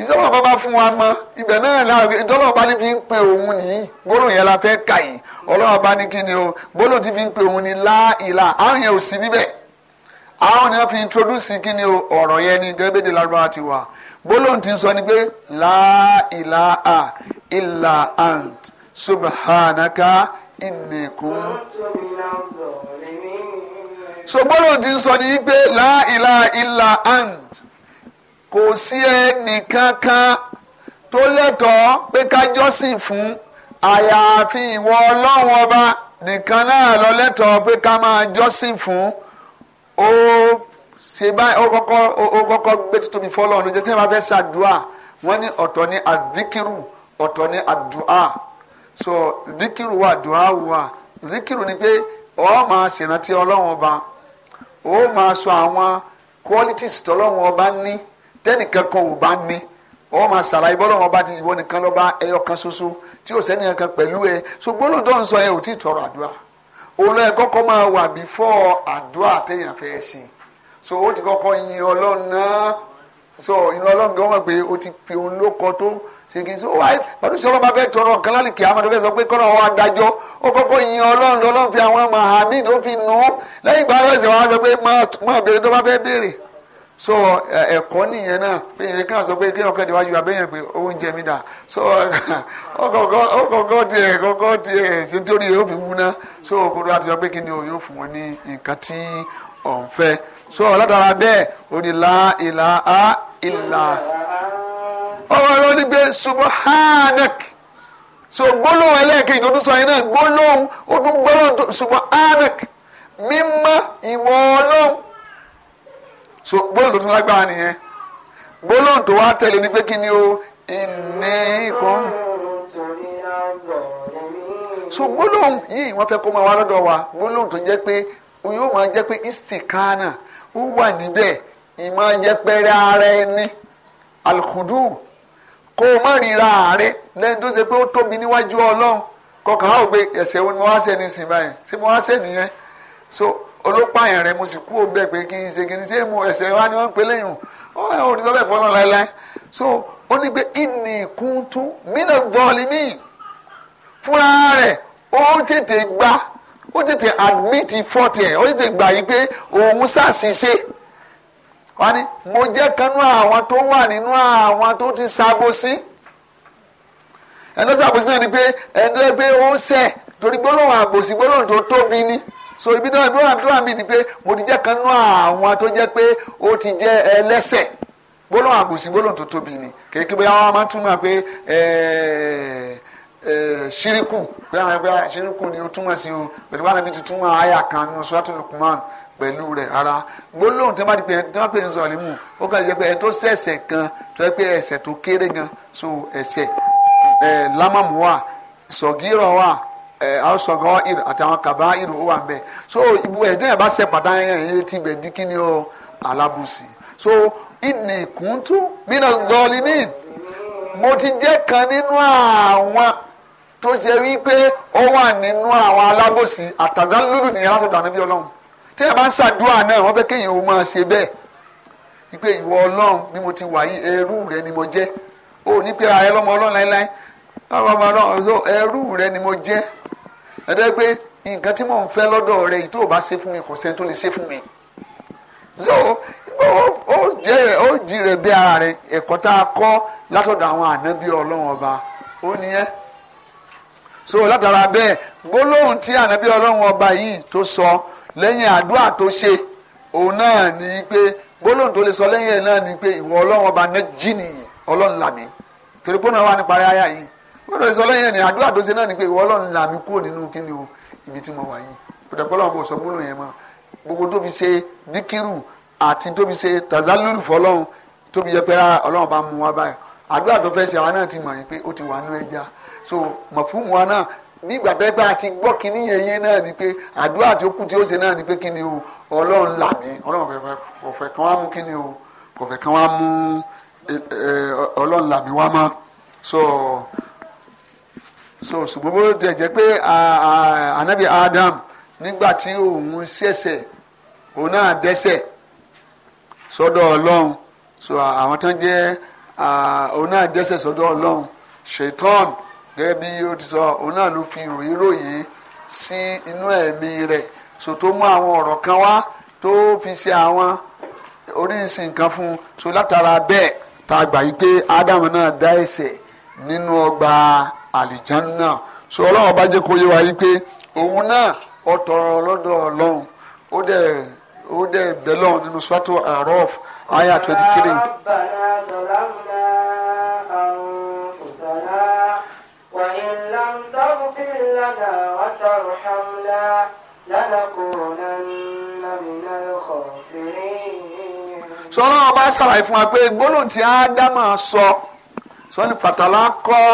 ìjọba ọba bá fún wa mọ ibẹ̀ náà náà ìjọba ọba ní fi ń pe òun nìyí gbólóhùn yẹn la fẹ́ kà yìí ọlọ́run ọba ní kí ni o gbólóhùn ti fi ń pe òun ní láìla àwọn yẹn ò sí níbẹ̀ àwọn ni wọ́n fi introduce kí ni o ọ̀rọ̀ yẹn ni gẹ́gẹ́ bí ti wà gbólóhùn ti sọ ni pé láìla a ìlà ant subhanaka ìnìkún. so gbólóhùn ti sọ ni pé láìla ìlà ant kò sí ẹnìkankan tó lẹ́tọ̀ọ́ pé ká jọ́sìn fún àyàfi ìwọ ọlọ́run ọba nìkan náà ló lẹ́tọ̀ọ́ pé ká máa jọ́sìn fún ó ṣe báyìí ó kọ́kọ́ ó kọ́kọ́ gbé tuntun mi fọ́lọ́run ló jẹ́ tí wọ́n fẹ́ ṣàdúrà wọ́n ní ọ̀tọ̀ ní àdíkìrù ọ̀tọ̀ ní àdúà so díkìrù wà dùá wà díkìrù ni pé ó máa ṣèrántí ọlọ́run ọba ó máa sọ àwọn qualities tọ́lọ́run ọba ní tẹ́nìkan kan ò bá ní wọ́n máa ṣàlàyé bọ́lá wọn bá ti ìwọ nìkan lọ́ba ẹyọ kan ṣoṣo tí ò sẹ́nìyàn kan pẹ̀lú ẹ so gbólóńtò ń sọ ẹ ò tí ì tọrọ àdúrà òun lọ́yẹ kọ́kọ́ máa wà bífọ́ àdúrà téèyàn fẹ́ ṣe so ó ti kọ́kọ́ yin ọlọ́run náà so ìlú ọlọ́run gan mọ̀ pé ó ti fi òun ló tó ṣègì so wáyé pàdé ìṣọ́lọ́ bá fẹ́ tọrọ nǹkan lálùkì àmọ́ tó fẹ́ sọ pé kọ́nà wọn adájọ́ ó kọ́kọ́ yin ọlọ́run lọ́lọ́run fi àwọn mahamid ó fi nù ú lẹ́yìn ìgbà rẹ̀ ṣe sọ pé má béèrè tó bá fẹ́ béèrè so eh, ẹ̀kọ́ nìyẹn náà pé yẹn kí wọ́n sọ pé kí wọ́n kẹ́ni wájú abẹ́yẹn pé oúnjẹ mi dà so ọkọ̀ọ̀kọ̀ tiẹ̀ kọ̀ọ̀kọ̀ tiẹ̀ ṣe nítorí yóò fi wú náà so kó ló wá ti sọ pé kí ni o yóò fún wọn ní nǹkan tí òun fẹ́ so ọlọ́dàra bẹ́ẹ̀ ó la ìlà á ìlà ọmọ rẹ ní gbé subahának so gbólóhùn ẹlẹ́ẹ̀kejì tó tún sọ yẹn náà gbólóhùn ó tún gbólóhùn subahának mímọ́ ìwọ ọlọ́run so gbólóhùn tó tún lágbára nìyẹn gbólóhùn tó wá tẹ̀lé ni pé kí ni o ìní kan so gbólóhùn yìí wọ́n fẹ́ kó máa wá lọ́dọ̀ wa gbólóhùn tó jẹ́ pé yóò máa jẹ́ pé istikana ó wà níbẹ̀ ìmọ̀ yẹpẹrẹ ara ẹni alikudu kó o má ríra ààrẹ lẹ́ni tó ṣe pé ó tóbi níwájú ọlọ́run kọkàn á ò gbé ẹ̀ṣẹ̀ wo ni wọ́n á ṣẹ̀ ní báyìí ṣé wọ́n á ṣẹ̀ nìyẹn so olópààyàn rẹ mo sì kú òbẹ pé kí n ṣe kí n ṣe mo ẹsẹ wa ni wọn ń pe lẹ́yìn o ò ní sọ bẹ́ẹ̀ fọlọ láéláé so ó ní pé ìní kúntún mínà vọọlì míì fúnra rẹ ó tètè gbà ó tètè admit fọtì ẹ ó tètè gbà yìí pé òun ṣàṣìṣe wọn ni mo jẹ́ kanú àwọn tó wà nínú àwọn tó ti ṣàbòsí ẹni tó ṣàbòsí náà ni pé ẹni tó yẹ pé ó ṣẹ̀ torí gbólóhùn àbòsí gbólóhùn tó tóbi ni so ibi náà ibrahim tó wà mí ni pé mo ti jẹ́ kan nú àwọn tó jẹ́ pé ó ti jẹ́ ẹlẹ́sẹ̀ gbólóhùn àbòsí gbólóhùn tó tóbi ni kéèké bóyá wọn máa túmọ̀ pé ṣíríkù pé àwọn ẹgbẹ́ ṣíríkù ni ó túmọ̀ sí o pẹ̀lú bá nàbí ti túmọ̀ àyà kan nínú suratul Luqman pẹ̀lú rẹ̀ ara gbólóhùn tí wọ́n bá ti pè é tí wọ́n pè é zọ̀límù ó kàn jẹ́ pé ẹ tó ṣẹ̀ṣẹ̀ kan tó yẹ pé ẹ̀ṣẹ̀ tó kéré gan so ẹ̀ṣẹ̀ lámàmù wà sọ̀gírọ̀ wà ẹ eh, asọgọ ati awọn kaba ir ó wà so ìbú ẹ dẹ́yìn bá ṣe pàtàkì yẹn yẹn ti bẹ̀ di o alabusi so mina mo ti kan n'inu awọn to se wí pé ó wà nínú àwọn alábòsí àtàdánlùlù nìyẹn láti dànù bí ọlọ́run tí ẹ bá ń ṣàdúrà náà wọ́n fẹ́ kéèyàn ó máa mo ti wà yí re ni mo jẹ́ ní pé ni mo ẹ̀dẹ́ pé nǹkan tí mò ń fẹ́ lọ́dọ̀ rẹ yìí tó o bá ṣe fún mi kò sẹ́ni tó lè ṣe fún mi so ó jẹ́ ó jí rẹ̀ bí ara rẹ̀ ẹ̀kọ́ tá a kọ́ látọ̀dọ̀ àwọn ànábì ọlọ́run ọba ó nìyẹn so látara bẹ́ẹ̀ gbólóhùn tí ànábì ọlọ́run ọba yìí tó sọ lẹ́yìn àdúrà tó ṣe òun náà ní pé gbólóhùn tó lè sọ lẹ́yìn ẹ̀ náà ní pé ìwọ ọlọ́run ọba náà jí nìyí ọlọ́run làmì torí pé wà nípa ayáyá yìí gbọ́dọ̀ sọ lẹ́yìn ní àdúrà tó ṣe náà ni pé ìwọ Ọlọ́run là mí kúrò nínú kíni o ibi tí mo wà yìí pẹ̀lẹ́pẹ́ Ọlọ́run kò sọ gbólóhùn yẹn mọ́ gbogbo tó fi ṣe díkírù àti tó fi ṣe tazalúrù fọlọ́run tó fi yẹ pé Ọlọ́run bá mú wa báyìí àdúrà tó fẹ́ ṣe àwa náà ti mọ̀ yín pé ó ti wà nú ẹja so mọ̀ fún wa náà nígbà tó bá ti gbọ́ kíní yẹn yé náà ni pé àdúrà tó kù tí ó ṣe náà ni pé kíni o Ọlọ́run là mí Ọlọ́run kò fẹ́ kán wá mú kíni o kò fẹ́ so so ṣùgbọ́n bó tẹ̀ jẹ́ pé anabi adam nígbà tí òun ṣẹ̀ṣẹ̀ òun náà dẹ́ṣẹ̀ sọ́dọ̀ ọlọ́run so àwọn tán jẹ́ òun náà dẹ́ṣẹ̀ sọ́dọ̀ ọlọ́run ṣetán gẹ́gẹ́ bí ó ti sọ òun náà ló fi ròyìn ròyìn sí inú ẹ̀mí rẹ̀ so tó mú àwọn ọ̀rọ̀ kan wá tó fi ṣe àwọn oríṣi nǹkan fún un so látara bẹ́ẹ̀ tá gbà yí pé ádámù náà dá ẹ̀ṣẹ̀ nínú ọgbà àlìjánná so ọlọ́run bá jẹ́ kó yé wa yí pé òun náà ó tọrọ lọ́dọ̀ ọlọ́run ó dẹ̀ ó dẹ̀ bẹ̀ lọ́run nínú swato arof aya twenty three. sọlá ọba ṣàlàyé fún wa pé gbólóhùn tí ádámà sọ sọ ni pàtàlá kọ́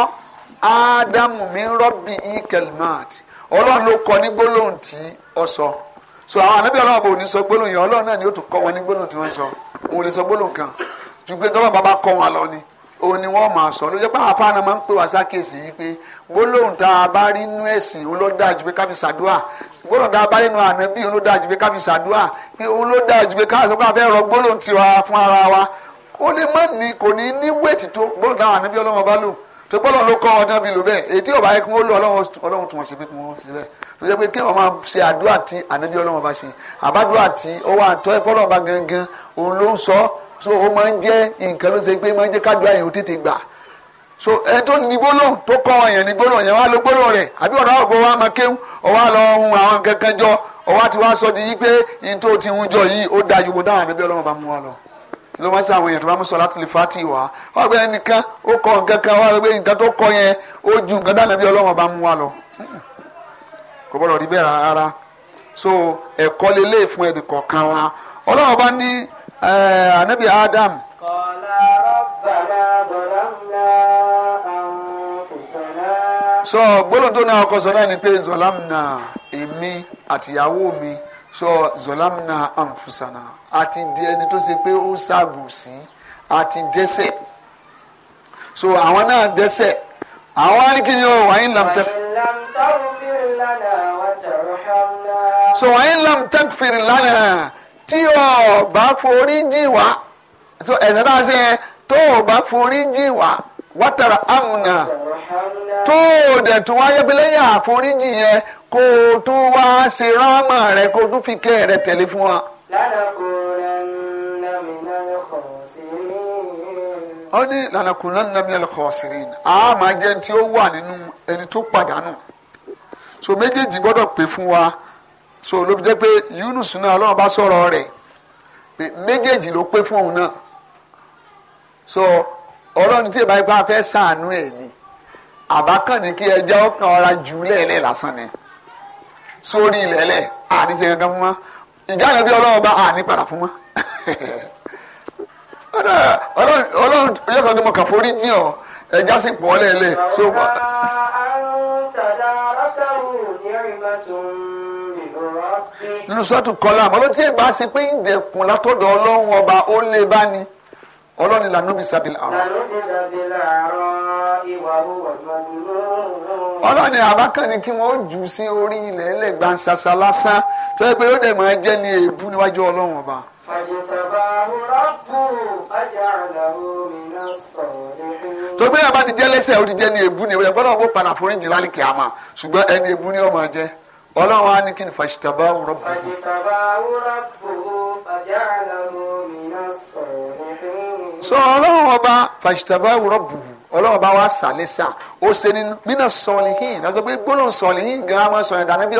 ádámù min rọ́bì ikelimat ọlọ́run ló kọ́ ní gbólóhùn tí ọ sọ so àwọn ànábì ọlọ́run bò ní sọ gbólóhùn yẹn ọlọ́run náà ni ó tún kọ́ wọn ní gbólóhùn tí wọ́n sọ òun lè sọ gbólóhùn kan ju pé tọ́lá bàbá kọ́ wọn lọ ni òun ni wọ́n máa sọ ló jẹ́ pé àwọn afáàná máa ń pè wá sákèsì yìí pé gbólóhùn tá a bá rí nínú ẹ̀sìn òun ló dáa ju pé káfí sàdúà gbólóhùn tá a bá rí nínú ànábì òun ló dáa ju pé káfí sàdúà pé òun ló dáa ju pé káfí sọ fẹ́ rọ gbólóhùn tiwa fún ara wa ó lè má ní kò ní ní wéètì tó gbólóhùn táwọn ànábì ọlọ́run ọba lò tó gbọ́dọ̀ ló kọ́ ọdún mi lò bẹ́ẹ̀ ètí ọba yẹ kí wọ́n lò ọlọ́run tún wọn ṣe pé kí wọ́n ṣe bẹ́ẹ̀ tó jẹ́ pé kí wọ́n máa ṣe àdúrà tí ànábì ọlọ́run bá ṣe àbádúrà tí ó wà tó ẹ̀ bá gangan òun ló ń sọ so ó máa ń jẹ́ nǹkan ló ṣe pé máa ń jẹ́ kádùá yẹn tètè gbà so ẹni tó ní gbólóhùn tó kọ́ wọn yẹn ní gbólóhùn yẹn wá ló gbólóhùn rẹ̀ àbí ọ̀dọ́ ọ̀gbọ́n wa máa kéwù ọwọ́ àlọ́ ohun àwọn kankan jọ ọwọ́ àti wá sọ di yí pé yìí tó ti ń jọ yìí ó da yòówó dáhùn àbẹ́bí ọlọ́run bá mú wa lọ ló wá sí àwọn èèyàn tó bá mú sọláàtì lè fàtì wá ọgbẹ ẹnìkan ó kọ nǹkan kan wá gbé nǹkan tó kọ yẹn ó ju nǹkan dáná bí ọlọ́run bá mú wa lọ kò gbọ́dọ̀ rí bẹ́ẹ̀ rárá so ẹ̀kọ́ lélẹ̀ fún ẹnì kọ̀ọ̀kan wa ọlọ́run bá ní ànábì Adam. kọ́lá rọ́bàlá bọ̀lámúlá àǹfùsọ̀lá. sọ gbólóńtó náà ọkọ̀ sọ ni pé zọlámùnà èmi àtìyàwó mi. So, so zolamna anfusana àti di ẹni tó ṣe pé ó ṣàbùsí àti dẹ́ṣẹ̀ so àwọn náà dẹ́ṣẹ̀ àwọn arìnkìnyìn o wàyí lamtẹ. so wàyí lamtẹ fìrì lánàá tí o bá forí jì wá so ẹ̀sẹ̀ náà ṣe tó o bá forí jì wá wátara amúnà tó o dẹ̀ tún wáyé bí lẹ́yìn àforíjì yẹn kó o tún wá ṣe rámà rẹ kó o tún fi kẹ́ rẹ tẹ̀lé fún wa. ó ní lànàkùnrin min al-khasirin a máa jẹ́ tí ó wà nínú ẹni tó pàdánù so méjèèjì gbọ́dọ̀ pè fún wa so ló fi jẹ́ pé Yunus náà Ọlọ́run bá sọ̀rọ̀ rẹ̀ méjèèjì ló pé fún òun náà so Ọlọ́run tí ìbáyìí bá fẹ́ ṣàánú ẹ̀ ni àbá kàn ní kí ẹjọ́ kan ọ̀ra jù lẹ́ẹ̀lẹ́ lásán ni sórí ilẹ̀ lẹ̀ àní ṣe gangan fún wa ìjà yẹn bí ọlọ́run bá àní padà fún wa. ọlọ́run yóò kọ́ ni mo kà forí jìn ọ́ ẹja sì pọ̀ lẹ́lẹ̀ tí ó wà. nínú sọ́ọ̀tù kọ́lá àmọ́ ló tí ì bá ṣe pé ìdẹ̀kùn látọ̀dọ̀ ọlọ́run ọba ó lé bá ni ọlọ́ni lànà bí sábìlì àrọ́. ọlọ́ni àbákànni kí wọ́n jù sí orí ilẹ̀ ilẹ̀ gbansasa lásán tó yẹ pé ó dẹ̀ máa jẹ́ ní èébú níwájú ọlọ́run ọba. tó gbé yàrá ti jẹ́ lẹ́sẹ̀ ó ti jẹ́ ní èébú ni ìwé gbọ́dọ̀ wọ́n padà foríjì lálẹ́kẹ̀ àmà ṣùgbọ́n ẹni èébú ni ó máa jẹ́ ọlọ́run á ní kí ni fàṣítàbá rọ́bù. fàṣítàbá rọ́bù fàjá àlàmú mi náà sọ̀rọ̀ so ọba fàṣítàbá wúrọ̀ bù ọba wa sà lẹ́sà ó ṣe ní hìn náà sọ pé hìn gan an máa bí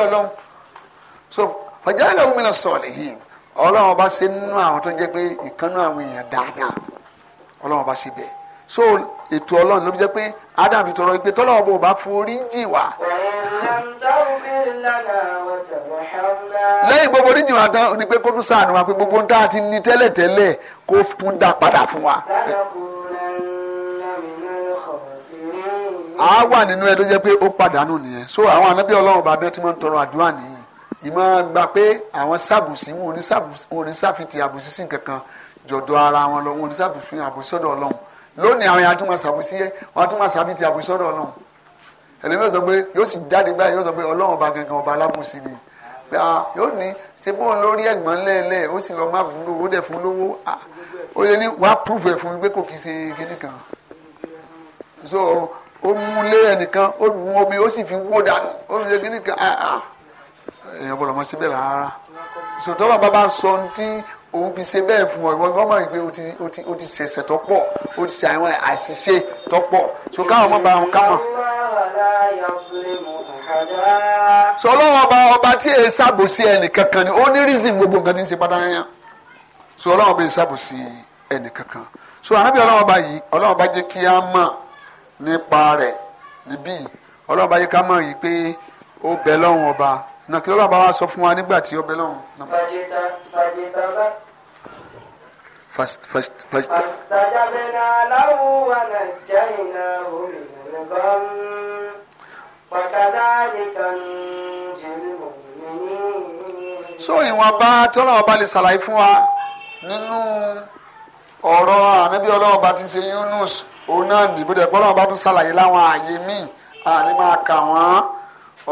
so ọjà ìlẹ̀wò mínà sọ̀lì hìn ọlọ́run ọba ṣe nínú àwọn tó pé ìkànnú àwọn èèyàn dáadáa ọba ṣe so ètò ló pé ọba lẹ́yìn gbogbo tán ó ní pé wa gbogbo ń tá a ti ní kó tún dá padà fún wa. a wà nínú ẹ tó jẹ́ pé ó pàdánù nìyẹn so àwọn ànábì Ọlọ́run bá bẹ tí wọ́n ń tọrọ àdúrà nìyí ìmọ̀ gba pé àwọn sábùsí wọn ò ní sáfìtì àbùsí sí kankan jọ̀dọ̀ ara wọn lọ wọn ò ní sábùsí àbùsí sọ́dọ̀ Ọlọ́run lónìí àwọn yẹn sábùsí yẹ wọn a sábìtì àbùsí sọ́dọ̀ Ọlọ́run ẹlẹ́mìí sọ pé yóò sì jáde báyìí yóò sọ pé Ọlọ́run ọba gangan ọba alábùsí nìyí pé a ah, yóò ní ṣe bóun lórí ẹ̀gbọ́n lẹ́ẹ̀lẹ́ ó sì lọ má fún lówó dẹ̀ fún lówó ah, ó lè ní wàá púrúfù ẹ̀ fún mi pé kò kí ṣe kíní kan so ó mú lé ẹnìkan ó mú omi ó sì fi wó dànù ó fi ṣe kíní kan ah, èèyàn bọ̀dọ̀ mọ́ síbẹ̀ rárá sòtọ́lọ́ bàbá sọ ní tí òun fi ṣe bẹ́ẹ̀ fún ọ ìwọ gbọ́n mọ̀ pé o ti o ti o ti ṣẹ̀ṣẹ̀ tó pọ̀ o ti ṣe àwọn àṣìṣe tó pọ̀ so káwọn ọmọ bá wọn ká mọ̀. sọ ọlọ́wọ́ ọba ọba tí èyí ṣàbòsí ẹnì kankan ni ó ní reason gbogbo nǹkan tí ń ṣe pátáyà sọ ọlọ́wọ́ ọba èyí ṣàbòsí ẹnì kankan so ànábì ọlọ́wọ́ ọba yìí ọlọ́wọ́ ọba jẹ́ kí á mọ̀ nípa rẹ̀ níbí ọlọ́wọ́ ọba yìí ká mọ̀ yìí pé ó bẹ lọ́wọ́ ọba náà kí lọ́lọ́ bá wa sọ fún wa nígbà tí ó bẹ lọ́hùn. fàjẹta fàjẹta bá. فاستجبنا له ونجيناه من الغم وكذلك ننجي المؤمنين. so ìwọ̀nba tọ́lọ́wọ́ bá lè ṣàlàyé fún wa nínú ọ̀rọ̀ ànábì ọlọ́wọ́ bá ti ṣe Yunus òun náà nìbó dẹ̀ pọ́lọ́wọ́ bá tún ṣàlàyé láwọn ààyè míì àní máa kà wọ́n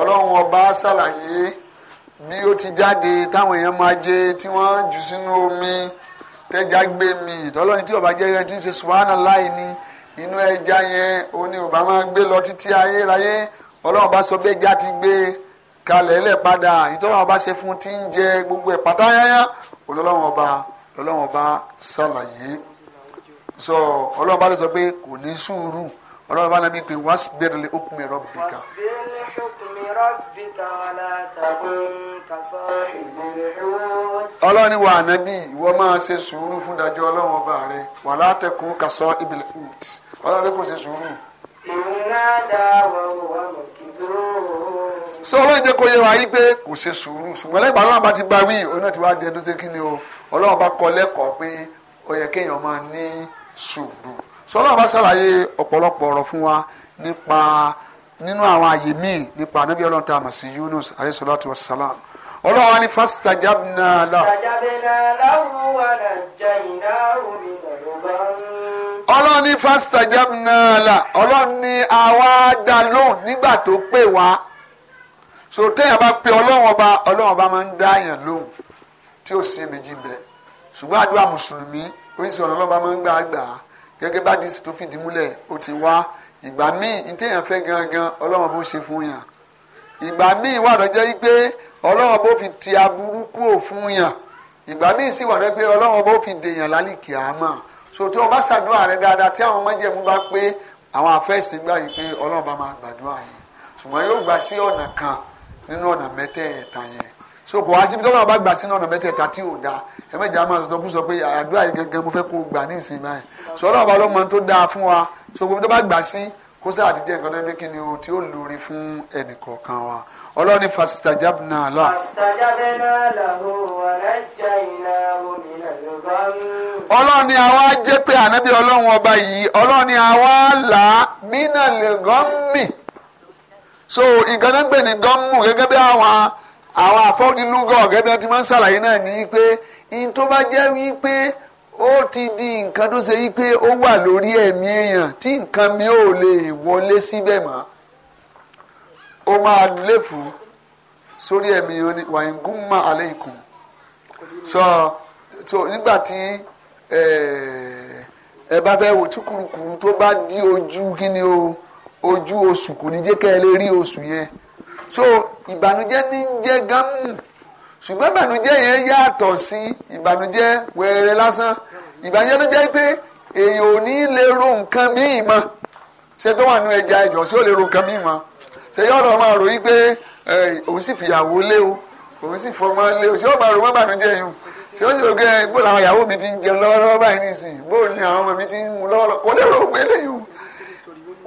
ọlọ́run ọba ṣàlàyé bí ó ti jáde táwọn èèyàn máa jẹ tí wọ́n jù sínú omi tẹ́já gbé mi ìtọ́lọ́ni tí ọba jẹ́ yẹn ti ń ṣe subhana láì ní inú ẹja yẹn òní ọba máa gbé lọ títí ayérayé ọlọ́run ọba sọ bẹ́ẹ̀ já ti gbé kalẹ̀ lẹ̀ padà ìtọ́lọ́run ọba ṣe fún ti ń jẹ gbogbo ẹ̀ pátáyáyá ọlọ́run ọba ọlọ́run ọba ṣàlàyé sọ ọlọ́run ọba ló sọ pé kò ní sùúrù ọlọ́run bá nàbí pé wasbir li hukmi rabbika. wasbir li ni wà nàbí ìwọ máa ṣe sùúrù fún dájọ́ ọlọ́run ọba rẹ wala takun kasahibil hut ọlọ́run kò ṣe sùúrù. so ọlọ́run jẹ́ kó yẹ wá yí pé kò ṣe sùúrù ṣùgbọ́n lẹ́gbàá ọlọ́run bá ti gba wí òun náà wá di ẹdún kí ni o ọlọ́run bá kọ lẹ́kọ̀ọ́ pé ó yẹ kéèyàn máa ní sùúrù sọlá bá ṣàlàyé ọ̀pọ̀lọpọ̀ ọ̀rọ̀ fún wa nípa nínú àwọn àyè míì nípa anábì ọlọ́run tá a mọ̀ sí Yunus alayhi salatu wassalam ọlọ́run wa ní fastajabna lahu. fastajabna lahu wa najjaynahu minal gham. ọlọ́run ní fastajabna lahu ọlọ́run ní àwa dá lóhùn nígbà tó pè wá so bá pe ọlọ́run ọba ọlọ́run ọba máa ń dá èèyàn lóhùn tí ó sì méjì bẹ́ẹ̀ ṣùgbọ́n àdúrà mùsùlùmí oríṣiríṣi ọ̀nà ọlọ́ba máa ń gbà á gbà á gẹ́gẹ́ bá dísì tó fìdí múlẹ̀ ó ti wá ìgbà míì ìtẹ̀yàn fẹ́ gangan ọlọ́run bó ṣe fún yàn ìgbà míì wà lọ́jọ́ yìí pé ọlọ́run bó fi ti aburú kúrò fún yàn ìgbà míì sì wà lọ́jọ́ pé ọlọ́run bó fi dèèyàn lálìkì àmọ́ so tí wọ́n bá ṣàdúrà rẹ dáadáa tí àwọn májẹ̀mú bá pé àwọn afẹ́sìn gbà yìí pé ọlọ́run bá máa gbàdúrà yìí ṣùgbọ́n yóò gbà sí ọ̀nà kan nínú ọ̀nà mẹ́tẹ̀ẹ̀ta yẹn so kò wá síbi tọ́lọ́run bá gbà sínú ọ̀nà mẹ́tẹ̀ẹ̀ta tí ò dáa ẹ mẹjọ máa sọ fún sọ pé àdúrà yìí gẹ́gẹ́ mo fẹ́ kó gbà ní ìsìn báyìí sọ Ọlọ́run bá lọmọ tó dáa fún wa sọ tó bá gbà sí kó sáà ti jẹ nǹkan tó ń kíni o tí ó lórí fún ẹnìkọ̀ọ̀kan wa Ọlọ́run ní fastajabna la. fastajabna lahu wa najjaynahu minal gham. Ọlọ́run ní àwa jẹ́ pé ànábì Ọlọ́run ọba yìí Ọlọ́run àwa là á minal ghammi so nǹkan tó ń gbé ní gọ́mù gẹ́gẹ́ bí àwọn àwọn àfọ́nilúgọ̀ gẹ́gẹ́ bí wọ́n ti máa ń ṣàlàyé náà ní pé in tó bá jẹ́ wípé ó ti di nǹkan tó ṣe wípé ó wà lórí ẹ̀mí èèyàn tí nǹkan mi ò lè wọlé síbẹ̀ mọ́ ó máa léfù sórí ẹ̀mí wàyíngúnmá aleikum sọ so nígbà tí ẹ bá fẹ́ wò tí kùrukùru tó bá di ojú kí ni o ojú oṣù kò ní jẹ́ kẹ́ ẹ lè rí oṣù yẹn so ìbànújẹ́ ní jẹ́ gámù. ṣùgbọ́n ìbànújẹ́ yẹn yàtọ̀ sí ìbànújẹ́ wẹ̀rẹ̀ lásán ìbànújẹ́ tó jẹ́ pé èèyàn ò ní lè ro nǹkan míì mọ́ ṣé tó wà nínú ẹja ẹjọ́ sí ò lè ro nǹkan míì mọ́ ṣé yóò lọ máa rò yí pé òun sì fìyàwó lé o òun sì fọmọ lé o ṣé ó máa rò mọ́ ìbànújẹ́ yìí o ṣé ó sì rò pé bó làwọn ìyàwó mi ti ń jẹun lọ́wọ́lọ́wọ́ báyìí nísìnyí bó ni àwọn ọmọ mi ti ń mu lọ́wọ́lọ́wọ́ kò lè rò pé lẹ́yìn o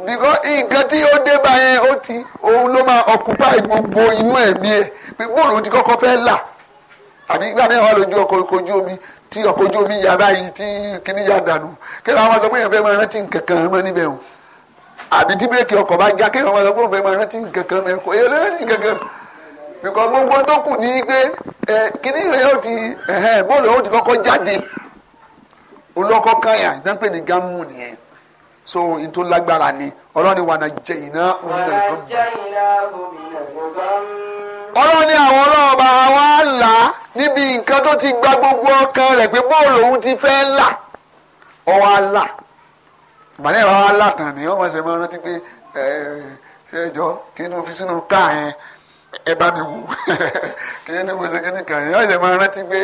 nǹkan tí ó dé báyẹn ó ti òun ló máa occupy gbogbo inú ẹ̀mí ẹ̀ pé bóòlù ti kọ́kọ́ fẹ́ là àbí gbà náà wà lójú ọkọ̀ omi tí ọkọ̀ ojú omi yà báyìí tí kìíní yà dànù kí wọ́n máa sọ pé èèyàn fẹ́ máa rántí nǹkan kan o àbí tí bírèkì ọkọ̀ bá já kí sọ pé máa rántí nǹkan kan mọ́ ẹ̀kọ́ èèyàn lórí gbogbo tó kù ní pé kìíní ti bóòlù ó ti kọ́kọ́ jáde olókọ́ káyà ìdánpẹ̀ gámù so n tó lágbára ni ọlọ́ni wà ná jẹ iná omi nà lọ́gbọ́n. ọlọ́ni àwọn ọlọ́ọ̀bà wa là níbi nǹkan tó ti gba gbogbo ọkàn rẹ̀ pé bóòlù òun ti fẹ́ là ọwọ́ àlà màlẹ́ ìwà wa là tàn ní ọmọ ẹsẹ̀ mọ́ rántí pé ṣe é jọ kí n fi sínú káà yẹn ẹ bá mi wù kìí ní wọ́n ṣe kí ní kàn yín ọ̀sẹ̀ máa rántí pé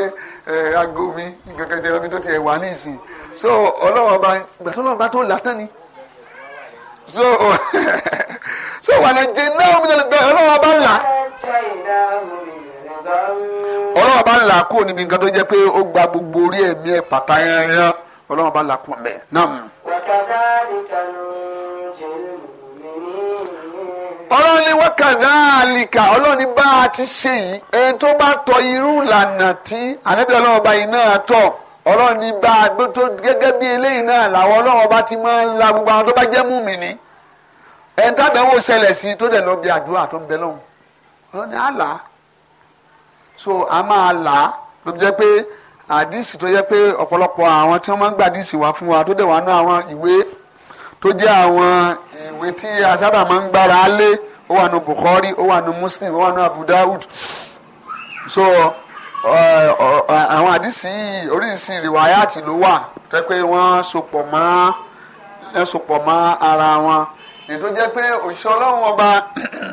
ẹ aago mi nǹkan jẹ́ omi tó ti ẹ̀ wà ní ìsìn so ọlọ́wọ́ bá gbàtọ́ lọ́wọ́ bá tó látàn ni so so wà lè jẹ náà omi lọ́lẹ́ bẹ́ẹ̀ ọlọ́wọ́ bá là ọlọ́wọ́ bá là kúrò níbi nǹkan tó jẹ́ pé ó gba gbogbo orí ẹ̀mí ẹ̀ pàtàyàn ọlọ́wọ́ bá là kúrò mẹ́ẹ̀ náà. wàkàtà nìkan ló ọlọ́run ní wákàdáàlìkà ọlọ́run ní bá a ti ṣe yìí ẹni tó bá tọ irú ìlànà tí ànábì ọlọ́run ọba yìí náà tọ̀ ọlọ́run ní bá a gbé tó gẹ́gẹ́ bí eléyìí náà làwọn ọlọ́run ọba ti máa ń la gbogbo àwọn tó bá jẹ́ mùmínì ẹni tá àdánwò ṣẹlẹ̀ sí tó dẹ̀ lọ bí àdúrà tó ń bẹ lọ́hùn ọlọ́run ní àlá so a máa là á ló jẹ́ pé àdìsí tó jẹ́ pé ọ̀pọ̀lọpọ̀ àwọn tí wọ́n máa ń gbàdìsí wá fún tó jẹ́ àwọn ìwé tí a sábà máa ń gbára lé ó wà nù Bukhari ó wà nù Muslim ó wà nù Abu so àwọn àdìsí yìí oríṣiríṣi rìwáyàtì ló wà tó pé wọ́n sopọ̀ mọ́ wọ́n sopọ̀ mọ́ ara wọn ètò jẹ́ pé òṣìṣẹ́ ọlọ́run ọba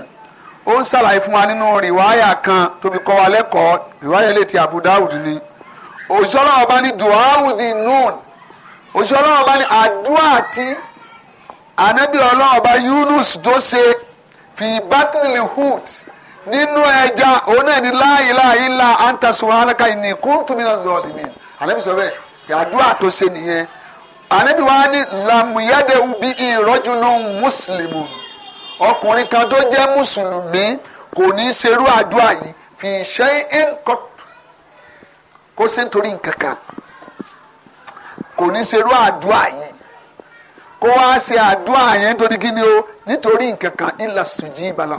ó ń ṣàlàyé fún wa nínú rìwáyà kan tóbi kọ́ wa lẹ́kọ̀ọ́ rìwáyà lè ti Abu ni òṣìṣẹ́ ọlọ́run ọba ní duawudi nun òṣìṣẹ́ ọlọ́run ọba ní àdúrà anabi ọlọ́run Yunus tó fi battle hood nínú ẹja òun náà ní láàyè láàyè ńlá antasuwanaka ìní kúntùmínà zọlìmí anabi sọ bẹ́ẹ̀ yàdúrà tó ṣe nìyẹn anabi wa ni lamuyade ubi ìrọ́júlù mùsùlùmù ọkùnrin kan tó jẹ́ mùsùlùmí kò ní í ṣerú àdúrà yìí fi ṣe é kó ṣe nítorí nǹkan kan kò ní í ṣerú àdúrà yìí kó wá ṣe àdúrà yẹn nítorí kí ni o nítorí nǹkan kan ìlà sùjì ìbàlà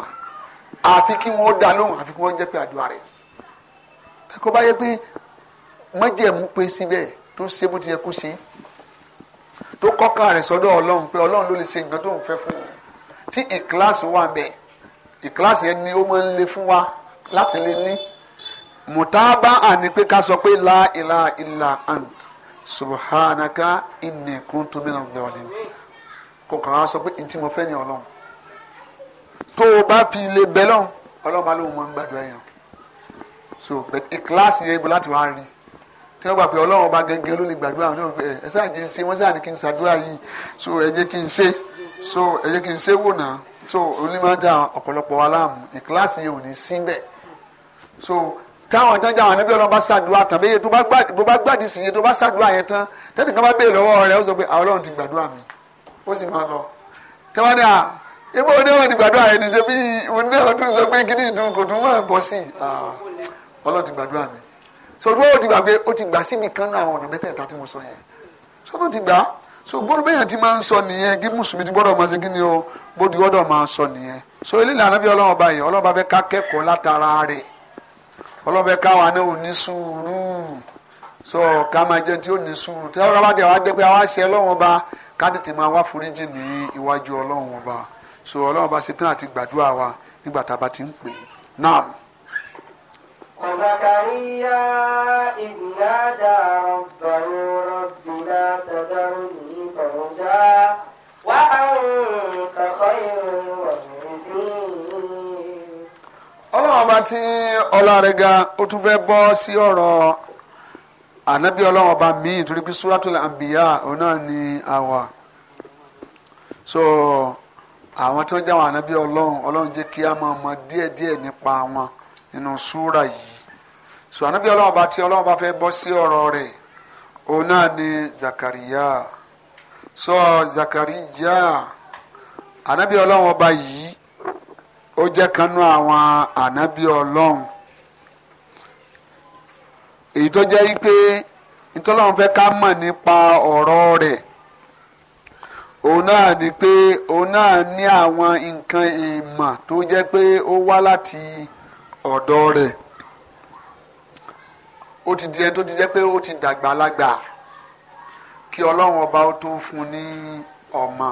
àfi kí wọn ó dá lóhùn àfi kí wọn jẹ́ pé àdúrà rẹ̀ kó bá yẹ pé mọ́jẹ̀mú pé síbẹ̀ tó ṣe bó ti yẹ kó ṣe tó kọ́kàn rẹ̀ sọ́dọ̀ ọlọ́run pé ọlọ́run ló lè ṣe nǹkan tó ń fẹ́ fún un tí ìkíláàsì wà bẹ̀ ìkíláàsì yẹn ni ó máa ń le fún wa láti lè ní mùtábà àní pé ká sọ pé la ilaha illa and subhanaka inni kuntu minadh-dhalimin kò kàn án sọ pé ntí mo fẹ́ ni ọlọ́run tó o bá fi lè bẹ́ lọ́run ọlọ́run bá lóun máa ń gbàdúrà yẹn so kíláàsì yẹn ibo láti wá rí tí wọ́n gbà pé ọlọ́run ọba gẹ́gẹ́ ló lè gbàdúrà wọn náà ẹ sáà jẹ́ ṣe wọ́n sáà ní kí n ṣàdúrà yìí so ẹ jẹ́ kí n ṣe so ẹ jẹ́ kí n ṣe wò náà so onímọ̀jà ọ̀pọ̀lọpọ̀ wa láàmú kíláàsì yẹn ò ní sí bẹ́ẹ̀ so táwọn tán jáwọn ànábì ọlọ́run bá ṣàdúrà tán bẹ́ẹ̀ tó bá gbàdí sí yẹn tó bá ṣàdúrà yẹn tán tẹ́nìkan bá béèrè lọ́wọ́ rẹ̀ ó sọ pé ọlọ́run ti gbàdúrà mi ó sì máa lọ tẹwádà ibo oníwọ̀n ti gbàdúrà ẹni ṣe bí oníwọ̀n tún sọ pé kíní ìdun kò tún máa bọ̀ sí i ọlọ́run ti gbàdúrà mi sọdún ó ti gbà pé ó ti gbà síbi kan náà àwọn ọ̀nà mẹ́tẹ̀ẹ̀ta tí mo sọ yẹn sọdún ti gbà so gbọ́dọ̀ bẹ́yàn ti máa ń sọ nìyẹn kí mùsùlùmí ti gbọ́dọ̀ máa ṣe kí ni o gbọ́dọ̀ gbọ́dọ̀ máa sọ nìyẹn so eléyìí ànábì ọlọ́run ọba yìí ọlọ́run bá fẹ́ ká kẹ́kọ̀ọ́ látara rẹ̀ ọlọ́run fẹ́ káwa náà ò ní sùúrù so ká máa jẹ́ tí ó ní sùúrù tí wọ́n bá jẹ́ wá jẹ́ pé àwa ṣe ọlọ́run ọba ká tètè máa wá foríjì ní iwájú ọlọ́run ọba so ọlọ́run ọba ṣetán àti gbàdúrà wa nígbà tá a bá ti ń pè é náà. وزكريا إذ نادى ربه رب لا تذرني فردا وأنت خير المورثين. ọlọ́run ọba tí ọlá rẹ̀ ga ó ànábì ọlọ́run ọba míì torí pé suratul anbiya òun náà ni àwa so àwọn tí wọ́n jẹ́ àwọn ànábì ọlọ́run ọlọ́run jẹ́ kí a máa mọ díẹ̀díẹ̀ nípa wọn nínú súra yìí so ànábì ọlọ́run ọba tí ọlọ́run ọba fẹ́ bọ́ sí ọ̀rọ̀ rẹ̀ òun náà ni zakariya so zakariya ànábì ọlọ́run ọba yìí ó jẹ́ kanú àwọn ànábì ọlọ́run èyí tó jẹ́ wípé ìtọ́lọ́run fẹ́ ká mọ̀ nípa ọ̀rọ̀ rẹ̀ òun náà ni pé òun náà ní àwọn nǹkan ìmọ̀ tó jẹ́ pé ó wá láti ọ̀dọ̀ rẹ̀ ó ti di ẹni tó ti jẹ́ pé ó ti dàgbà lágbà kí ọlọ́run ọba ó tó fún un ní ọmọ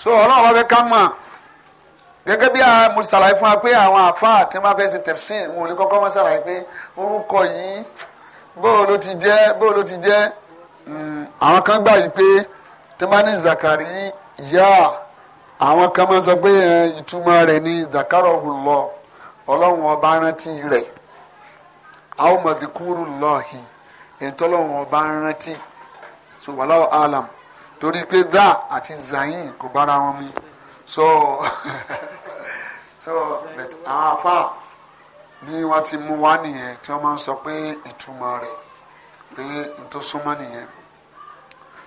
so ọlọ́run ọba fẹ́ ká mọ̀ gẹ́gẹ́ bí mo ṣàlàyé fún wa pé àwọn àfáà tí wọ́n bá fẹ́ ṣe tẹ̀sìn wọn ò ní kọ́kọ́ wọ́n ṣàlàyé pé orúkọ yìí bóò ló ti jẹ́ bóò ló ti jẹ́ hmm, àwọn kan gbà yìí pé tí wọ́n bá ní zakari yá àwọn kan máa sọ pé ìtumọ̀ rẹ̀ ní zakarọ̀ hùlọ ọlọ́run ọba rántí rẹ̀ àwọn mọ̀dìkúrú lọ́ọ̀hìn ìtọ́lọ́run ọba rántí so alam torí pé dá àti zayin kò bára wọn mu so so but àwọn afa ni wọ́n ti mú wá nìyẹn tí wọ́n máa ń sọ pé ìtumọ̀ rẹ̀ pé n nìyẹn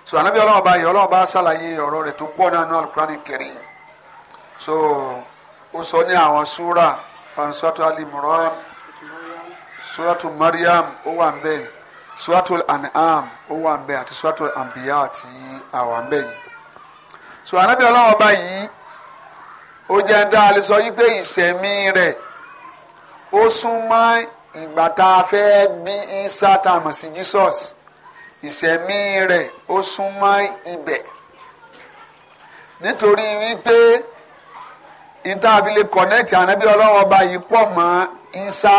so anabi ọlọ́wọ́ bá yẹ ọlọ́wọ́ bá ṣàlàyé ọ̀rọ̀ rẹ̀ tó pọ̀ nínú alukurani Karim so ó sọ ní àwọn súra panisọ́tò alimran suratu Maryam ó wà ń bẹ́ẹ̀ suratul an'am ó wà ń bẹ àti suratul anbiya tí a ń bẹ yìí so anabi ọlọ́wọ́ báyìí ó jẹ́ ń dá a lè sọ wípé ìsẹ̀mí rẹ̀ ó súnmọ́ ìgbà tá a fẹ́ bí isa tá a mọ̀ sí Jesus ìsẹ̀mí rẹ̀ ó súnmọ́ ibẹ̀ nítorí wípé ìtàbílẹ̀ kọ̀nẹ́ẹ̀tì ànábí ọlọ́wọ́ ọba yìí pọ̀ mọ́ isa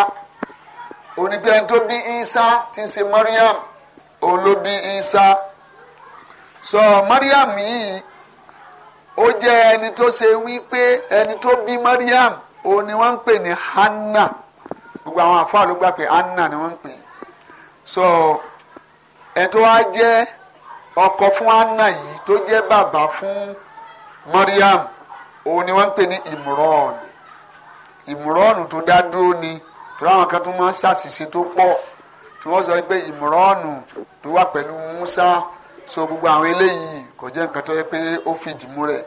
onígbẹ́ ẹni tó bí isa ti ṣe Mariam òun ló bí isa sọ so, Mariam yìí ó jẹ́ ẹni tó ṣe wípé ẹni tó bí Mariam òun ni wọ́n ń pè ní Hanna gbogbo àwọn àfáà ló gbà pé Hanna ni wọ́n ń pè so ẹni tó wá jẹ́ ọkọ fún Hanna yìí tó jẹ́ bàbá fún Mariam òun ni wọ́n ń pè ní Imran Imran tó dá dúró ni tó láwọn kan tó máa ń ṣàṣìṣe tó pọ̀ tí wọ́n sọ pé Imran tó wà pẹ̀lú Musa. so gbogbo àwọn eléyìí kò jẹ́ nǹkan tó yẹ pé ó fi ìdìmú rẹ̀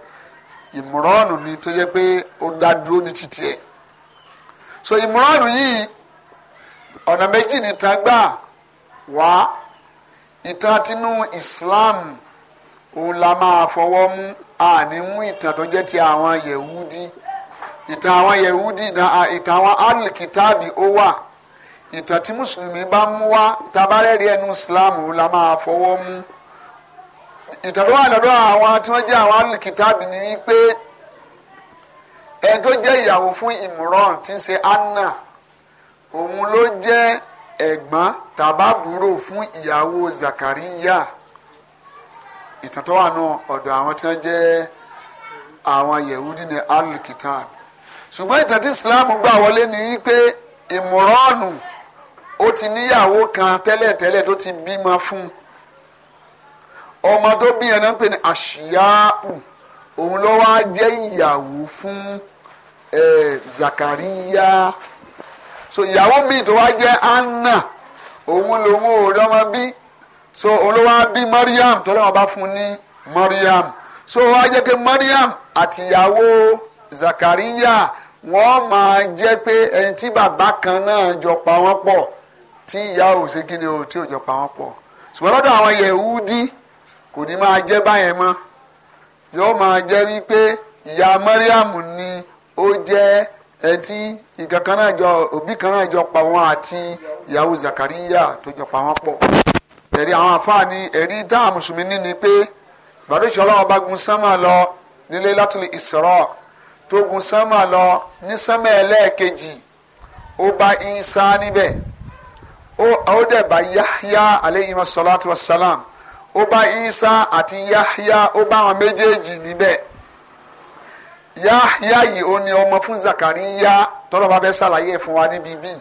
ìmúrọ́ọ̀nù ni tó yẹ pé ó dá dúró ní títì ẹ̀ so ìmúrọ́ọ̀nù yìí ọ̀nà méjì ni ta gbà wá ìtàn tinú Islam òun la máa fọwọ́ mú àní mú ìtàn tó jẹ́ ti àwọn Yehudi ìtàn àwọn Yehudi náà ìtàn àwọn alikitaabi ó wà ìtàn tí mùsùlùmí bá mú wá tabarẹ́rì ẹnu Islam òun la máa fọwọ́ mú ìtọ́jú wà lọ́dọ̀ àwọn tí wọ́n jẹ́ àwọn alìkìtàbí ni wípé ẹni tó jẹ́ ìyàwó fún Imran tí ń ṣe Anna òun ló jẹ́ ẹ̀gbọ́n tàbábúrò fún ìyàwó Zakariya ìtàn tó wà nù ọ̀dọ̀ àwọn tí wọ́n jẹ́ àwọn Yehudi ní alìkìtàbí ṣùgbọ́n ìtàn tí Islam gbà wọlé ni wípé Imran ó ti níyàwó kan tẹ́lẹ̀tẹ́lẹ̀ tó ti bímọ fún un ọmọ tó bí yẹn náà ń pè àṣìyáù òun ló wá jẹ́ ìyàwó fún Zakariya so ìyàwó míì tó wá jẹ́ Anna òun lòun ò rọ́mọ bí so òun ló wá bí Mariam tó lọ́wọ́ bá fún ní Mariam so wá jẹ́ pé Mariam àtìyàwó Zakariya wọ́n máa jẹ́ pé ẹni tí bàbá kan náà jọ pa wọ́n pọ̀ tí ìyá ò ṣe kí ni o tí ò jọ pa wọ́n pọ̀ ṣùgbọ́n lọ́dọ̀ àwọn Yehudi kò ní máa jẹ́ báyẹn mọ́ yóò máa jẹ́ wípé ìyá Mariam ni ó jẹ́ ẹtí nǹkan kan náà jọ òbí kan náà jọ pa wọn àti ìyàwó Zakariya tó jọ pa wọn pọ̀ ẹ̀rí àwọn àfáàní ẹ̀rí dáhà mùsùlùmí ní ni pé ìbàdóṣe ọlọ́wọ́ bá gun sánmà lọ nílé látìlí Isra tó gun sánmà lọ ní sánmà ẹlẹ́ẹ̀kejì ó bá Ìsá níbẹ̀ ó dẹ̀ bá Yahya aleyhi masalatu wa salam ó Isa àti Yahya ó bá àwọn méjèèjì níbẹ̀ Yahya yìí ó ní ọmọ fún Zakariya tọ́lọ́ bá fẹ́ ṣàlàyé fún wa níbi bíi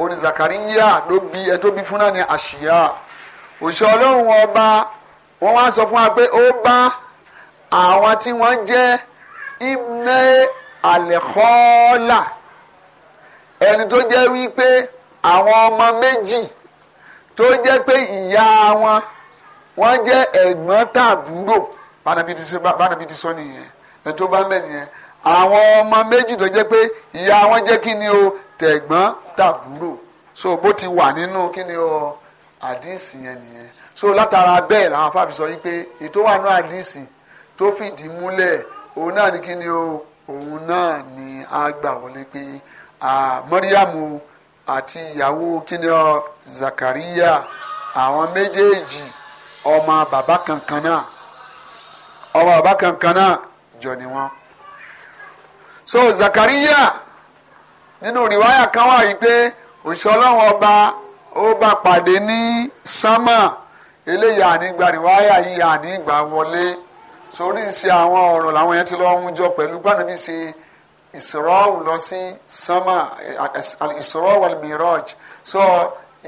ó ní Zakariya ló bí ẹ tó bí fún náà ní àṣìyá òṣìṣẹ́ ọlọ́run ọba wọ́n wá sọ fún wa pé ó bá àwọn tí wọ́n jẹ́ ibne alẹ́kọ́ọ́là ẹni tó jẹ́ wípé àwọn ọmọ méjì tó jẹ́ pé ìyá wọn wọ́n jẹ́ ẹ̀gbọ́n tàbúrò bánabi ti sọ nìyẹn ẹni tó bá ń bẹ̀ nìyẹn àwọn ọmọ méjì tó jẹ́ pé ìyá wọn jẹ́ kí ni o tẹ̀gbọ́n tàbúrò so bó ti wà nínú kí ni o àdìsí yẹn nìyẹn so látara bẹ́ẹ̀ làwọn afáàfi sọ yìí pé ètò wà ní àdìsí tó fìdí múlẹ̀ òun náà ni kí ni o òun náà ni a gbà wọlé pé mọ́ríyàmù àti ìyàwó kí ni o Zakariya àwọn méjèèjì ọmọ bàbá kankan náà ọmọ bàbá kankan náà jọ ni wọn. so Zakariya nínú riwaya kan wà yìí pé òṣìṣẹ́ ọlọ́run ọba ó bá pàdé ní sánmà eléyìí ànígbà rìwáyà yìí ànígbà wọlé sórí ìṣe àwọn ọ̀rọ̀ làwọn yẹn ti lọ́ọ́ mú jọ pẹ̀lú gbàdúgbì ṣe ìsọ̀rọ̀wù lọ sí sánmà ìsọ̀rọ̀wù al-miraj so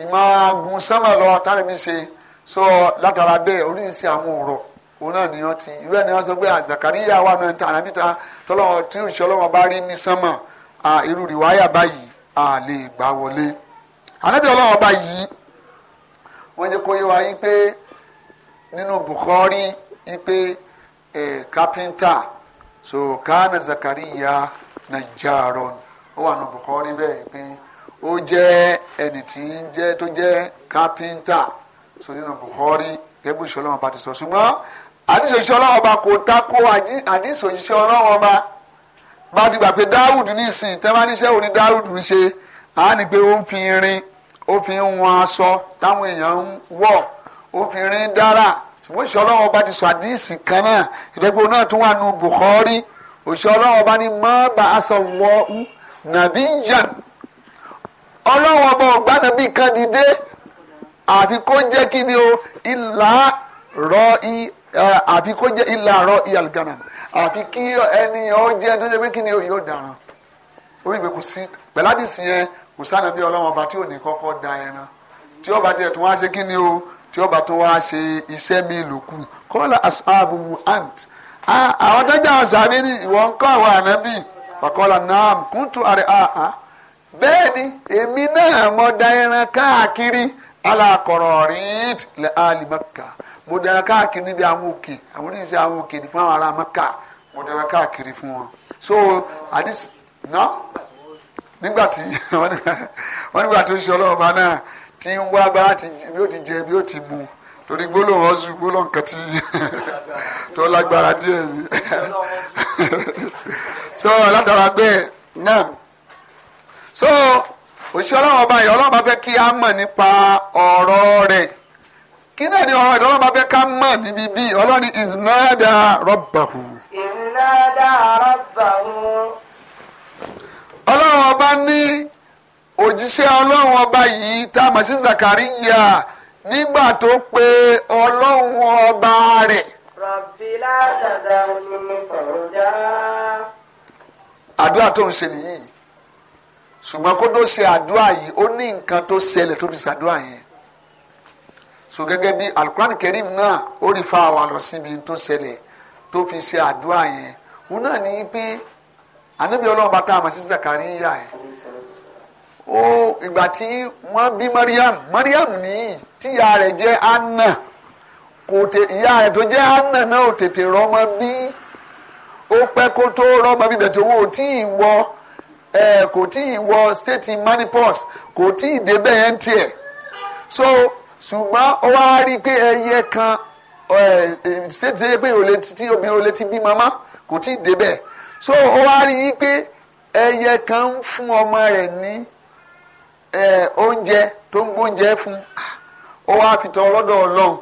ìmọ̀ agun sánmà lọ tàbí ṣe so látara bẹ́ẹ̀ oríṣiríṣi àwọn ọ̀rọ̀ òun náà ni wọ́n ti irú ẹ̀ ni wọ́n sọ pé àzàkàríyà ah, wà náà tààrà níta tọ́lọ́wọ́ tí òṣìṣẹ́ ọlọ́wọ́ bá rí ní sánmọ̀ ah, irú rìwáyà báyìí a lè gbà wọlé ànábì ọlọ́wọ́ bá yìí wọ́n jẹ́ kó yé wa yín pé nínú Bukhari yín pé kápẹ́ńtà so kánà zakariya nàìjàrọ̀ ó wà nínú Bukhari bẹ́ẹ̀ pé ó jẹ́ ẹni tí ń jẹ́ tó jẹ́ kápẹ́ńtà sọ nínú Bukhari gẹ́gẹ́ bí òṣìṣẹ́ ọlọ́run ọba ti sọ ṣùgbọ́n àdìsòṣìṣẹ́ ọlọ́run ọba kò tako àdìsòṣìṣẹ́ ba ọba bá ti gbà pé Dáwùdù ní ìsìn tẹ́wáníṣẹ́ òní Dáwùdù ń ṣe àá ní pé ó ń fi irin ó fi ń wọn aṣọ táwọn èèyàn ń wọ̀ ó fi irin dára ṣùgbọ́n òṣìṣẹ́ ọlọ́run ọba ti sọ àdìsì kan náà ìdẹ́gbẹ́ náà tún wà nù Bukhari òṣìṣẹ́ ọlọ́run ọba ní má bá aṣọ wọ nàbíyàn ọlọ́run ọba ọ̀gbá nàbí kan dìde àfi kó jẹ́ kí ni o ìlà rọ i àfi kó jẹ́ ìlà rọ i àlùkànnà àfi kí ẹni ọ jẹ́ tó jẹ́ pé kí ni o yóò dàrán orí ìgbé kò sí pẹ̀ládìsí yẹn kò sànà bí ọlọ́wọ́n ọba tí ò ní kọ́kọ́ da ẹran tí ọba tiẹ̀ tún wá ṣe kí ni o tí ọba tún wá ṣe iṣẹ́ mi lòkù kọ́lá asáàbù ant àwọn tẹ́jà sàbí ni ìwọ ń kọ́ àwọn ànábì fàkọ́lá naam kúntù àrẹ àhán bẹ́ẹ̀ ni èmi náà mọ̀ da ẹran káàkiri alakọ̀rọ̀ rìn lẹ́ àlì mẹ́ka mo dára káàkiri níbi àwọn òkè àwọn oníṣẹ́ àwọn òkè ní fún àwọn ará mẹ́ka mo dára káàkiri fún wọn so àdìs ná nígbà tí wọ́n nígbà tó ṣe ọlọ́run bá náà tí ń wá bá bí ó ti jẹ bí ó ti mu torí gbólóhùn ọ̀sùn gbólóhùn kan tí tó lágbára díẹ̀ ni so látara bẹ́ẹ̀ náà so. òṣìṣẹ́ ọlọ́run ọba yìí ọlọ́run bá fẹ́ kí a mọ̀ nípa ọ̀rọ̀ rẹ̀ kí náà ni ọ̀rọ̀ rẹ̀ ọlọ́run bá fẹ́ ká mọ̀ níbi bíi ọlọ́run ìsìnàdà rọ́bàhù. ìsìnàdà rọ́bàhù. ọlọ́run ọba ní òjíṣẹ́ ọlọ́run ọba yìí tá a mọ̀ sí Zakariya nígbà pe ọlọ́run ọba rẹ̀. ṣùgbọ́n kó tó ṣe àdúrà yìí ó ní nǹkan tó ṣẹlẹ̀ tó fi ṣàdúrà yẹn so gẹ́gẹ́ bí alukuran kerim náà ó rí fa wa lọ síbi tó ṣẹlẹ̀ tó fi ṣe àdúrà yẹn òun náà ní pé ànábì ọlọ́run bá tá a mọ̀ sí zakariya yẹn ó ìgbà tí wọ́n bí mariam mariam nìyí tíya rẹ̀ jẹ́ anna kò tè ìyá rẹ̀ tó jẹ́ anna náà ò tètè rọ́mọ bí ó pẹ́ kó tó rọ́mọ bíbẹ̀ tó wọ́n ò tí ì Eh, kò tí ì wọ state manipus kò tí ì débẹ̀ yẹn tiẹ̀ so ṣùgbọ́n ó wá rí i pé ẹyẹ kan eh, eh, state ṣe pé tí obìnrin ò lè ti bí mama kò tí ì débẹ̀ so ó wá rí i pé ẹyẹ kan ń fún ọmọ rẹ̀ ní oúnjẹ tó ń gbóúnjẹ fún ó wá fi tọ ọlọ́dọ̀ ọlọ́run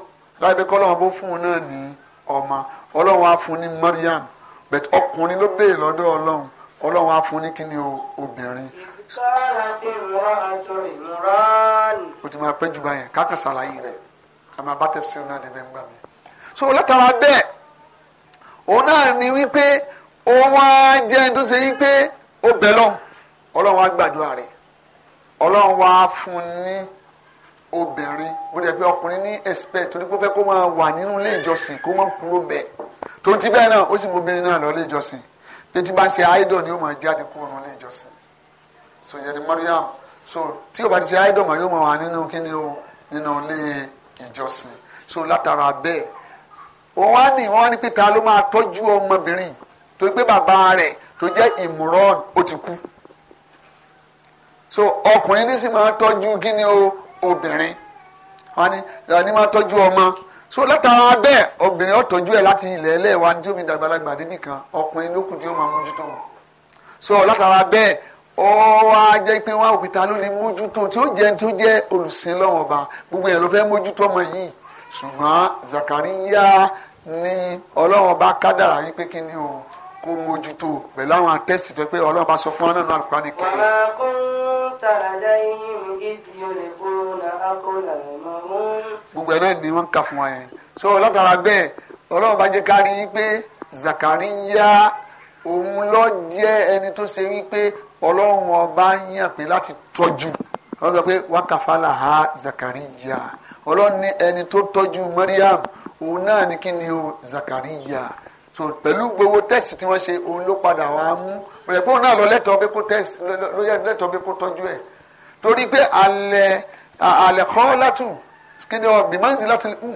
lábẹ́ kọ́ ọlọ́run bó fún un náà ní ọmọ ọlọ́run á fún un ní Mariam but ọkùnrin ló béèrè lọ́dọ̀ ọlọ́run ọlọ́run á fún ní kíni obìnrin. ìkọ́ra ti rọ àtọ ìmúránì. o ti máa pẹ́ jù báyẹn káàkiri ṣàlàyé rẹ̀ àmọ́ abátẹ́fẹ́ sí náà débẹ̀ ń gbà mí. so látara bẹ́ẹ̀ òun náà ni wípé òun á jẹ́ tó ṣe wípé ó bẹ̀ lọ ọlọ́run á gbàdúrà rẹ̀ ọlọ́run á fún ní obìnrin bó dẹ̀ pé ọkùnrin ní expect torí pé ó fẹ́ kó máa wà nínú ilé ìjọsìn kó máa kúrò bẹ́ẹ̀ tó ti bẹ́ẹ̀ náà ó sì mú obìnrin náà lọ ilé ìjọsìn pé tí bá ń idol ni ó máa jáde kúrò nílé ìjọsìn so yẹn Mariam so tí o bá ti ṣe idol mọ̀ yóò máa wà nínú kíni o nínú ilé ìjọsìn so látara bẹ́ẹ̀ òun wá ní wọ́n ní pété ló máa tọ́jú ọmọbìnrin tó gbé bàbá rẹ̀ tó jẹ́ Imran ó ti kú so ọkùnrin ní sì máa tọ́jú kíni o obìnrin wọ́n ní ìlànà máa tọ́jú ọmọ so látara bẹ́ẹ̀ obìnrin ọ̀tọ́jú ẹ̀ láti ilẹ̀ ẹlẹ́wà ní tí omi dàgbàlagbà débi kan ọkùnrin ló kù tí ó máa mójútó so látara bẹ́ẹ̀ ó wá jẹ́ pé wọ́n á òkúta ló lè mójútó tí ó jẹ́ tó jẹ́ olùsìn lọ́wọ́n ọba gbogbo yẹn ló fẹ́ mójútó ọmọ yìí ṣùgbọ́n Zakariya ni Ọlọ́run ọba kádàrá yín pé kí ni o kó mójútó pẹ̀lú àwọn tẹ́sì tó pé ọlọ́run bá sọ fún ọ́nà náà kúránì kẹrin. wàá kó tàdá yín ìdíyọ lè kó na mọ́ gbogbo ẹ̀ náà ni wọ́n ń kà fún wa yẹn so látara bẹ́ẹ̀ ọlọ́run bá jẹ́ ká rí i pé Zakariya òun ló jẹ́ ẹni tó ṣe wípé ọlọ́run ọba yàn pé láti tọ́jú wọ́n sọ pé wákàfàlà ha Zakariya ọlọ́run ní ẹni tó tọ́jú Mariam òun náà ní kí ni o Zakariya so pẹ̀lú gbogbo test tí wọ́n ṣe òun ló padà wá mú rẹ̀ pé òun náà lọ lẹ́tọ̀ọ́ pé kó test ló yẹ lẹ́tọ̀ọ́ pé kó tọ́jú ẹ̀ torí pé alẹ́ alẹ́ kọ́ látù kí ni ọ̀gbìn máa ń sì láti hù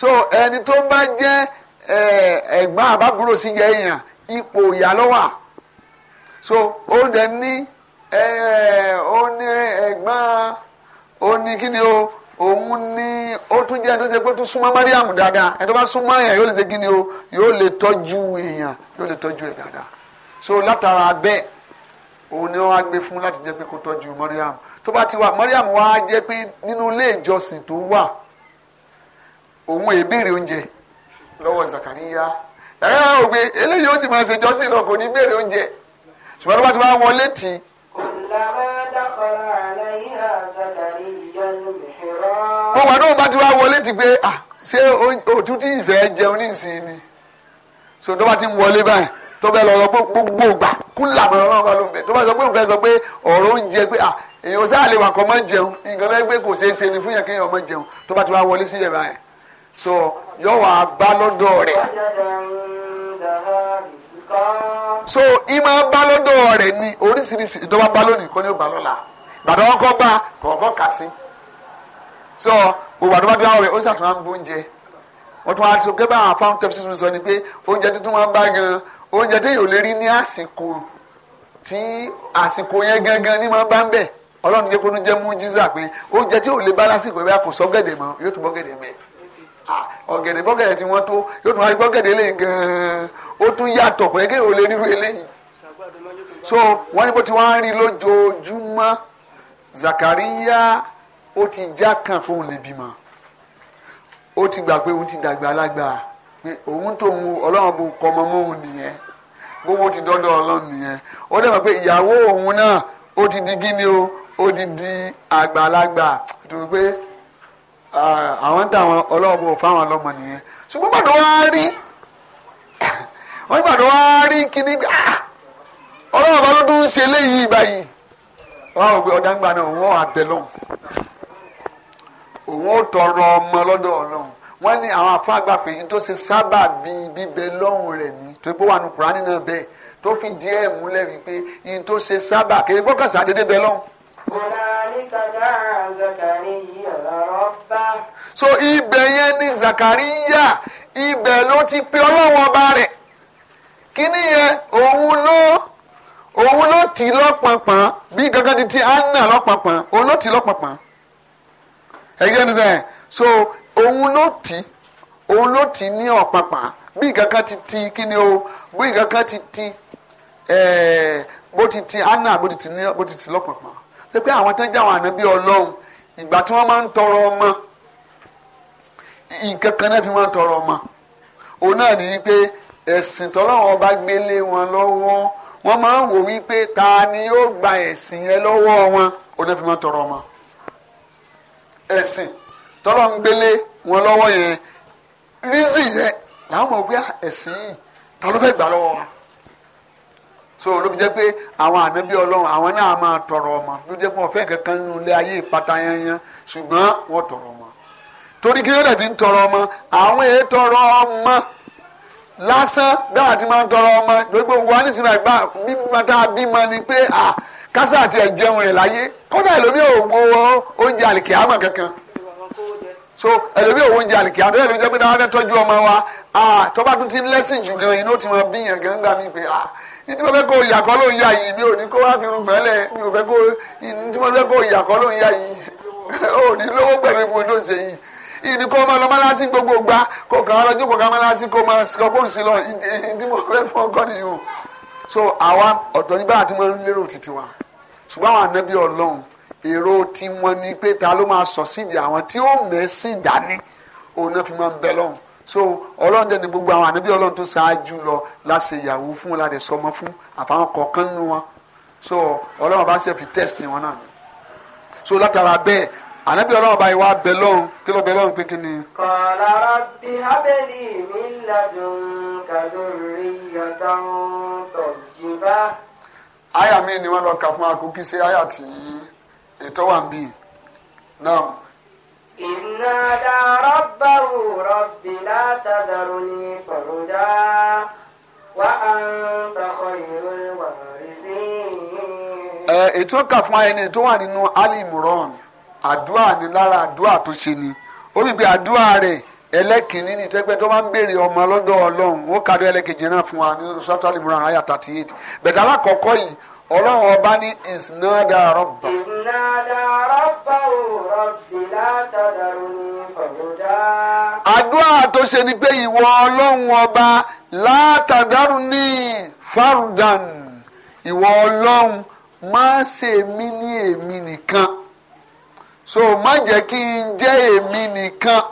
so ẹni tó bá jẹ́ ẹ̀gbọ́n àbábúrò sí yẹ èèyàn ipò ìyá so ó dẹ̀ ní ó ní ẹ̀gbọ́n ó ní kí o òun ni ó tún jẹ́ ẹni tó ṣe pé tó súnmọ́ Mariam dáadáa ẹni tó bá súnmọ́ èèyàn yóò lè ṣe gíní o yóò lè tọ́jú èèyàn yóò lè tọ́jú ẹ̀ dáadáa so látara bẹ́ẹ̀ òun ni wọ́n á gbé fún láti jẹ́ pé kó tọ́jú Mariam tó bá ti wà Mariam wá jẹ́ pé nínú ilé ìjọsìn tó wà òun èbèrè oúnjẹ lọ́wọ́ Zakariya ẹ̀rọ ògbé eléyìí ó sì máa ṣèjọ́sìn náà kò ní béèrè oúnjẹ mo wà náà bá ti wá wọlé ti pé ah ṣé òtún tí ìfẹ́ jẹun ní ìsìn ni so tó bá ti ń wọlé báyìí tó bẹ́ẹ̀ lọ sọ pé gbogbo ìgbà kúlà mọ́ ọlọ́run bá ló ń tó bá sọ pé òun fẹ́ sọ pé ọ̀rọ̀ oúnjẹ pé ah èèyàn sáà lè wà kọ́ mọ́ jẹun nǹkan bẹ́ẹ̀ pé kò ṣeé ṣe ni fún yàn kéèyàn mọ́ jẹun tó bá ti wá wọlé sílẹ̀ báyìí so yọ wà á bá lọ́dọ̀ rẹ̀ so ìmọ̀ bá lọ́dọ̀ rẹ̀ ni oríṣiríṣi ìjọba bá lónìí kọ́ ni ó bá lọ́la ìbàdàn ọkọ̀ gbà kọ̀ọ̀kan kà sí so gbogbo àdúrà tí wọn rẹ ó sàtúnwá ń bóúnjẹ wọn tún wá sọ pé báwọn afáwọn tẹpẹsí sọ ni pé oúnjẹ tuntun wọn bá gan oúnjẹ tí yóò lè rí ní àsìkò tí àsìkò yẹn gangan ní wọn bá ń bẹ Ọlọ́run jẹ kó ní jẹ mú jíza pé oúnjẹ tí yóò lè bá lásìkò bẹ́ẹ̀ kò sọ gẹ̀dẹ̀ mọ́ yóò tún bọ́ gẹ̀dẹ̀ mẹ ọ̀gẹ̀dẹ̀ bọ́gẹ̀dẹ̀ tí wọ́n tó yóò tún wá gbọ́gẹ̀dẹ̀ lẹ́yìn gan ó tún yàtọ̀ pé kí yóò lè ríru eléyìí so wọ́n ní bó ti wá ń rí lójoojúmọ́ Zakariya ó ti já kàn fóun lè bímọ ó ti gbà pé òun ti dàgbà alágbà pé òun tóun ọlọ́run bò kọ́ ọmọ mọ́ òun nìyẹn bówó ti dọ́dọ̀ ọlọ́run nìyẹn ó dẹ̀ mọ̀ pé ìyàwó òun náà ó ti di gíní o ó ti di àgbàlagbà tó pé àwọn táwọn ọlọ́run bò fáwọn ọlọ́mọ nìyẹn ṣùgbọ́n gbàdọ̀ wá rí wọ́n gbàdọ̀ wá rí kíní gbà ọlọ́run bá ló dún ṣe léyìí báyìí wọ́n á rò pé ọ̀dà ń gbà náà wọ́n á bẹ̀ lọ́hùn òun ó tọrọ ọmọ lọ́dọ̀ ọlọ́run wọ́n ní àwọn afáàgbà pé n tó ṣe sábà bí bíbẹ lọ́hùn rẹ̀ ní tó gbówà nù kúránì náà bẹ́ẹ̀ tó fi díẹ̀ múlẹ̀ wípé n tó ṣe sábà kéde gbọ́kàn sàdédé bẹ lọ́hùn. so ibẹ̀ yẹn ni Zakariya ibẹ̀ ló ti pe ọlọ́run ọba rẹ̀ kíní yẹn òun ló òun ló tì lọ́pọ̀npọ̀n bí gangan ti ti anna lọ́pọ̀npọ̀n òun ló tì lọ́pọ̀npọ̀n ẹ̀yẹ́ ní sẹ́yìn so òun ló tì òun ló tì ní ọ̀pàpà bí nǹkan kan ti ti kí ni o bí nǹkan kan ti ti eh, bó ti ti anna bó ti ti ní bó ti ti lọ́pàpà pépé àwọn tó ń jà wọn àná bí ọlọ́run ìgbà tí wọ́n máa ń tọrọ ọmọ nǹkan kan náà fi máa ń tọrọ ọmọ òun náà ní wípé ẹ̀sìn tọ́lọ́wọ́n ọba gbélé wọn lọ́wọ́ wọ́n máa ń wò wípé ta ni yóò gba ẹ̀sìn yẹn lọ́wọ́ wọn òun náà fi máa ń tọrọ ọmọ. ẹ̀sìn tọ́lọ́ ń gbélé wọn lọ́wọ́ yẹn rízì yẹn làwọn mọ̀ pé ẹ̀sìn ta fẹ́ gbà lọ́wọ́ wa so ló fi jẹ́ pé àwọn ànábí ọlọ́run àwọn náà máa tọrọ ọmọ ló jẹ́ pé kankan nínú ilé ayé ìpata yanyan ṣùgbọ́n wọ́n tọrọ ọmọ tọrọ ọmọ àwọn tọrọ ọmọ lásán bí àwọn àti máa ń tọrọ ọmọ gbogbo wa nísìnyí kásá àti ẹ̀jẹun rẹ̀ láyé kódà ẹlòmíì ò gbowó oúnjẹ àlìkè àmọ̀ kankan so ẹlòmíì ò oúnjẹ àlìkè àmọ̀ ẹlòmíì jẹ́ pé ọmọ wa tó bá tún ti ń lẹ́sìn jù gan inú ti máa bí yàn gan gbà kó ìyàkọ́ ló ń yìí mi ò ní kó wá fi irun mi ò fẹ́ kó kó ìyàkọ́ ló ń yìí ò ní lówó pẹ̀lú fọ́ kọ́ nìyí o so ṣùgbọ́n àwọn ànábì ọlọ́run èrò tiwọn ni pé ta ló máa sọ sídìí àwọn tí ó mẹ́sìn dání òun náà fi máa ń bẹ lọ́hùn so ọlọ́run dẹ́ni gbogbo àwọn ànábì ọlọ́run tó ṣáájú lọ láṣẹ ìyàwó fún láti sọmọ fún àfàwọn kọ̀ọ̀kan nínú wọn so ọlọ́run bá ṣe fi test wọn náà so látara bẹ́ẹ̀ ànábì ọlọ́run bá yẹ wá bẹ lọ́hùn kí ló bẹ lọ́hùn pé kí ni. qala aya mi ni wọ́n lọ kà fún wa kó aya ṣe àyà tí ètò wà ń bì náà. ìnáda rọ́bàrù rọ́bì látàdàrúni fọ̀rọ̀dá wà á ń tọkọ ìlú wàhálì sí. ẹ ètò kà fún ayẹni tó wà nínú alimuron àdúrà ni lára àdúrà tó ṣe ni ó rí àdúrà rẹ̀ ẹlẹ́kìnní ni tẹ́gbẹ́ tó máa ń béèrè ọmọ lọ́dọ̀ ọlọ́run ó kàdó ẹlẹ́kejì náà fún wa ní sọ́tàlì múra thirty eight bẹ̀tẹ̀ alákọ̀ọ́kọ́ yìí ọlọ́run ọba ní ìsìnàdà rọ́bà. ìsìnàdà rọ́bà ò rọ́bì látàdàrú ní fàbùdá. àdúrà tó ṣe ni pé ìwọ ọlọ́run ọba látàdàrú ní fàrùdàn ìwọ ọlọ́run má ṣe mí ní èmi nìkan so má jẹ́ kí n jẹ́ èmi nìkan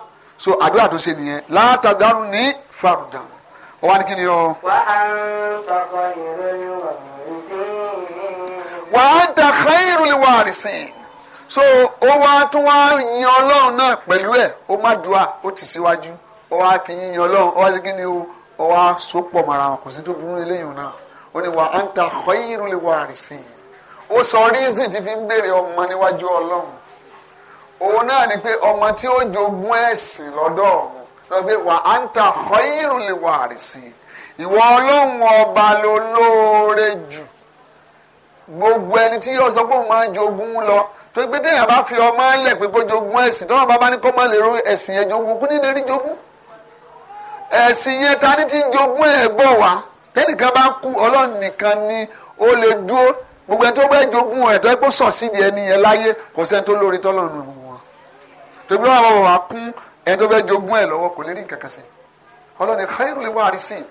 so àdúrà tó ṣe nìyẹn látàdàrú ní fàrùdàn ó wá kí ni o. wà á ń ní sí khairul warisin so ó wá tún wá yin ọlọ́run náà pẹ̀lú ẹ̀ ó má dùá ó ti síwájú ó wá fi yin ọlọ́run ó wá sí kí ni o ó wá sopọ̀ mọ́ra wọn kò sí tó burú eléyìí náà ó ní wà á ń ta khairul warisin ó sọ rízìn tí fi ń béèrè ọmọ níwájú ọlọ́run òun náà ni pé ọmọ tí ó jogún ẹ̀sìn lọ́dọ̀ ọ̀hún lọ pé wà á ń ta khairul warisin ìwọ ọlọ́run ọba ló lóore jù gbogbo ẹni tí yóò sọ pé òun máa ń jogún lọ tó gbé téèyàn bá fi ọmọ ẹlẹ pé kó jogún ẹ̀sìn tọ́wọ́n bá bá ní kó má lè ro ẹ̀sìn yẹn jogún kú nílé rí jogún ẹ̀sìn yẹn ta ni ti ń jogún ẹ̀ bọ̀ wá tẹ́nìkan bá kú ọlọ́run nìkan ni ó lè dúró gbogbo ẹni tó bá jogún ẹ̀ tó ẹ kó sọ̀ sídìí ẹni yẹn láyé kò sẹ́ni tó lórí tọ́lọ́run nù wọn tó gbé wọn bá wà kún ẹni tó bá jogún ẹ̀ lọ́wọ́ kò lè rí nǹkan kan sẹ́yìn ọlọ́run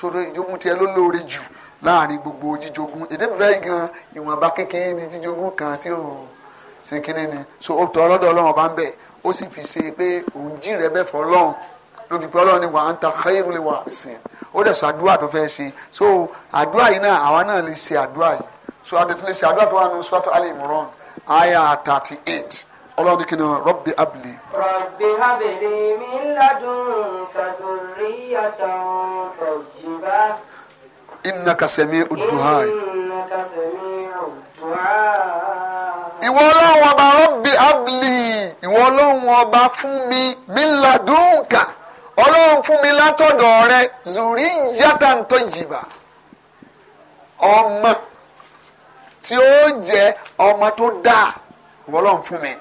sórí ìjogún tiẹ̀ ló lóore jù láàrin gbogbo jíjogún èdè gan ìwọ̀nba kékeré ni jíjogún kan tí ò ṣe kíní ni so ó tọ́ ọlọ́dọ̀ ọlọ́run ọba ń bẹ̀ ó sì fi ṣe pé òun jí rẹ bẹ́ẹ̀ fọ́ ọlọ́run ló fi pé ọlọ́run ni wà á ń ta khairu lè wà sí ó dẹ̀ sọ àdúrà tó fẹ́ ṣe so àdúrà yìí náà àwa náà lè ṣe àdúrà yìí so àdètò lè ṣe àdúrà tó wà nù sọ́tò Al Imran aya thirty eight ọlọ́run ní rọ́bì abìlì. rọ́bì abìlì mi ládùn kàdùrí àtàwọn tọ̀jìbá. innaka sami'u du'a. innaka sami'u du'a. ìwọ ọlọ́run ọba rọ́bì abìlì ìwọ ọlọ́run ọba fún mi mi ládùn kà ọlọ́run fún mi látọ̀dọ̀ rẹ zùrí yàtà tọ̀jìbá ọmọ tí ó jẹ ọmọ tó dáa ọlọ́run fún mi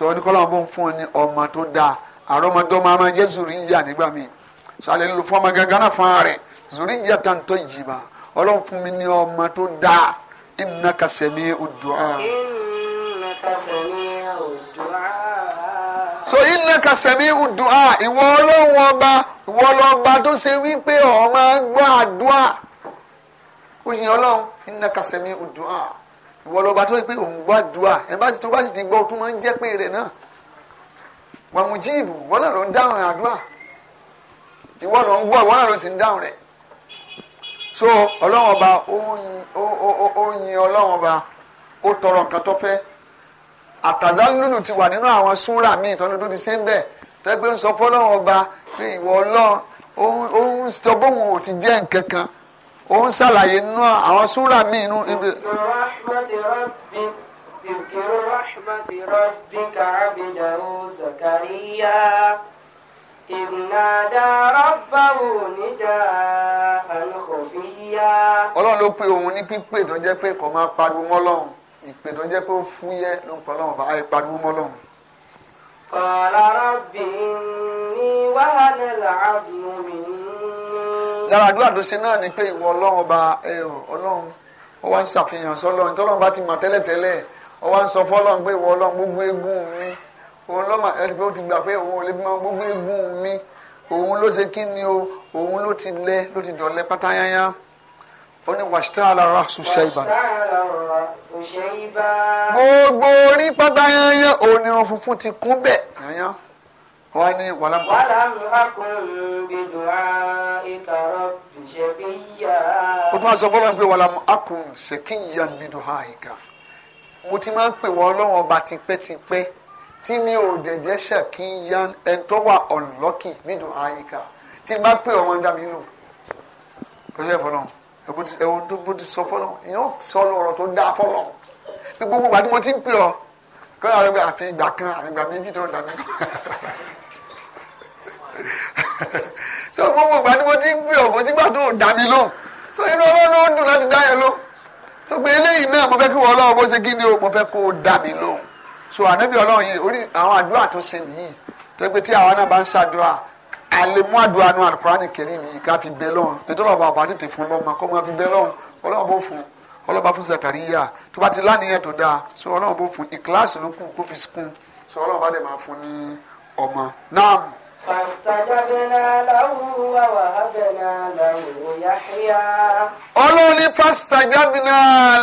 so ní kọ́lá wọn bó ń fún ọ ní ọmọ tó dáa àrọ́mọdọ́ máa máa jẹ́ zùríyà nígbà míì so alẹ́ ló fún ọmọ gangan náà fún rẹ̀ zùríyà tá ń tọ́ ìjìmá ọlọ́run fún mi ní ọmọ tó dáa ìnà kàsẹ̀mí odò so ìnà kàsẹ̀mí odò á ìwọ ọlọ́run ọba ìwọ ọlọ́ba tó ṣe wípé ọ̀ máa gbọ́ àdúrà ó yin ọlọ́run ìnà kàsẹ̀mí odò wọ́n lọ́ba tó yẹ pé òun gbàdúrà ẹ̀ bá tó bá sì ti gbọ́ tó máa ń jẹ́ pé rẹ̀ náà wọ́n mú jíìbù wọ́n náà ló ń dáhùn àdúrà ìwọ ló ń gbọ́ wọ́n náà ló sì ń dáhùn rẹ̀ so ọlọ́run ọba ó yin ọlọ́run ọba ó tọrọ nǹkan tó fẹ́ àtàzánlùlù ti wà nínú àwọn súnra míì tọ́nu tó ti ṣe ń bẹ̀ tẹ́gbẹ́ ń sọ fọ́lọ́run ọba pé ìwọ ọlọ́run ó ń ṣàlàyé nínú àwọn súrà míì nínú ibi. ذكر رحمة ربك عبده زكريا إذ نادى ربه نداء خفيا ọlọ́run ló pe òun ní pípé tó jẹ́ pé kò máa pariwo mọ́ lọ́hùn ìpè tó jẹ́ pé ó fúyẹ́ ló ń pa lọ́hùn bá ayé pariwo mọ́ lọ́hùn. قال رب إني وهن العظم مني lára àdúrà tó ṣe náà ni pé ìwọ ọlọ́run ọba ọlọ́run ó wá ń ṣàfihàn sọlọ́run tọ́lọ́run bá ti mọ̀ tẹ́lẹ̀tẹ́lẹ̀ ó wá ń sọ fọ́lọ́run pé ìwọ ọlọ́run gbogbo eégún mi òun lọ́mọ ẹni pé ó ti gbà pé òun ò lè bímọ gbogbo eégún mi òun ló ṣe kí ni o òun ló ti lẹ ló ti dọ̀lẹ́ pátáyáyá ó ní wàṣítà alára ṣùṣẹ́ ibà. gbogbo orí pátáyáyá òun ni wọn funfun ti kún bẹ́ẹ̀ yányán wọ́n ní wàlámù. wàlámù akun bi du'aika rabbi ṣèkìyà. ó tún wá sọ fọlọ́n pé wàlámù akun ṣèkìyà bi du'aika mo ti máa ń pè wọ́n ọlọ́run ọba tipẹ́tipẹ́ tí mi ò jẹ̀jẹ̀ ṣèkìyà ẹni tó wà unlucky bi du'aika tí n bá pè ọmọ ẹja mi lò ó ṣe fọlọ́n ẹ̀wọ̀n tó bó ti sọ fọlọ́n ìyẹn sọ lọ́rọ̀ tó dáa fọlọ́n gbogbo àti mo ti ń pè ọ kọ́ àwọn àfi ìgbà kan àfi ìgbà méjì tó dàbí. so gbogbo ìgbà tí mo ti ń gbé ọ̀gbọ́n sígbà tó dá mi lóhùn so inú ọlọ́run ó dùn láti dá yẹn lóhùn so pé eléyìí náà mo fẹ́ kí wọ́n ọlọ́run bó ṣe kí ni o mo fẹ́ kó o dá mi lóhùn so ànábì ọlọ́run yìí orí àwọn àdúrà tó ṣe nìyí tó pé tí àwa náà bá ń ṣàdúrà alẹ́ mú àdúrà nu alukurani kẹrin mi ká fi bẹ lọ́run ètò ọ̀bà ọ̀bà tètè fún lọ́mọ kó máa fi bẹ lọ́run ọlọ́run bó fún ọlọ́ba fún zakariya tó bá ti lánìyàn tó dáa so ọlọ́run bó fún ìkíláàsì ló kù kó fi kún so ọlọ́run bá dẹ̀ máa fún ní ọmọ náà ọlọ́run ní pásítà jábìnà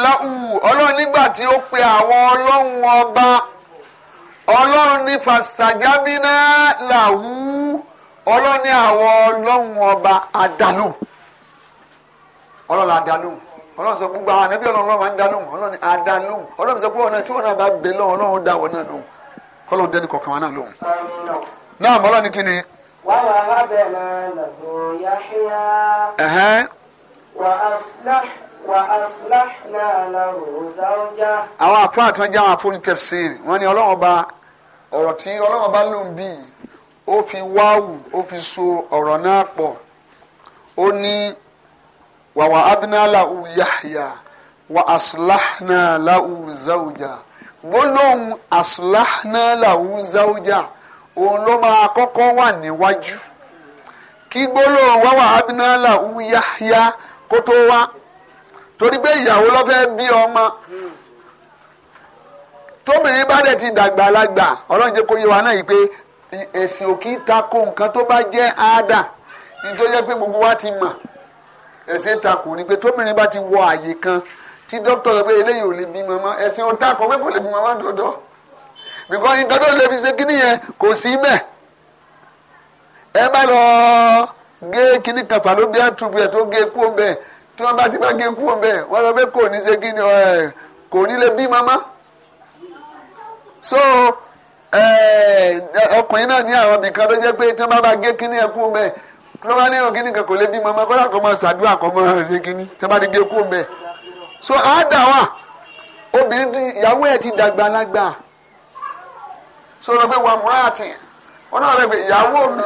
láwù ọlọ́run nígbà tí ó pe àwọn ọlọ́run ọba ọlọ́run ní pásítà jábìnà láwù ọlọ́run ní àwọn ọlọ́run ọba àdánù ọlọ́run àdánù ọlọ́run sọ gbogbo àwọn ànábì ọlọ́run ọlọ́run máa ń dánù ọlọ́run ní àdánù ọlọ́run sọ pé ọ̀nà tí wọ́n náà bá bẹ̀ lọ́wọ́ ọlọ́run dá náà lóhùn kọ́lọ́run wọn náà lóhùn náà bọ́lá ní kíni. ووهبنا له يحيى وأصلح وأصلحنا له زوجه. àwọn àpò àtúnjẹ àwọn àpò ní tẹ̀síìrì wọ́n ní ọlọ́run ọba ọ̀rọ̀ tí ọlọ́run ọba ló ń bì í ó fi wáwù ó fi so ọ̀rọ̀ náà pọ̀ ó ní wàwà abinala uyahya wa aslahna lahu zawja gbólóhùn aslahna lahu zawja òun ló máa kọ́kọ́ wà níwájú kí gbólóhùn wá wà abinala wúyáyá kó tó wá torí pé ìyàwó ló fẹ́ bí ọmọ tóbìnrin bá dẹ̀ ti dàgbà lágbà ọlọ́run jẹ́ kó yé wa náà yìí pé ẹ̀sìn ò kì í tako nǹkan tó bá jẹ́ àádà nítorí pé gbogbo wa ti mọ̀ ẹ̀sìn tako ni pé tóbìnrin bá ti wọ àyè kan tí dókítà sọ pé eléyìí ò lè bímọ mọ́ ẹ̀sìn ò pé kò lè bímọ mọ́ dọ́dọ́ bíkọ́ nǹkan tó lè fi ṣe kíní yẹn kò sí mẹ́ ẹ má lọ gé kíní kan fàlódé àtúbù ẹ̀ tó gé kú òun bẹ́ẹ̀ tí wọ́n bá ti bá gé kú òun bẹ́ẹ̀ wọ́n sọ pé kò ní ṣe kíní ẹ̀ kò ní lè bí màmá so ọkùnrin náà ní àwọn ibìkan tó jẹ́ pé tí wọ́n bá bá gé kíní ẹ̀ kú òun bẹ́ẹ̀ ló bá ní ọ̀gíní kan kò lè bí màmá kọ́lá kọ́ máa ṣàdúrà kọ́ máa ṣe kíní tí wọ́n bá ti gé kú òun bẹ́ẹ̀ so àádà wà obìnrin ìyàwó ẹ̀ ti dàgbà lágbàá sọ̀rọ̀ pé wà múrátì wọn náà rẹ̀ pé ìyàwó mi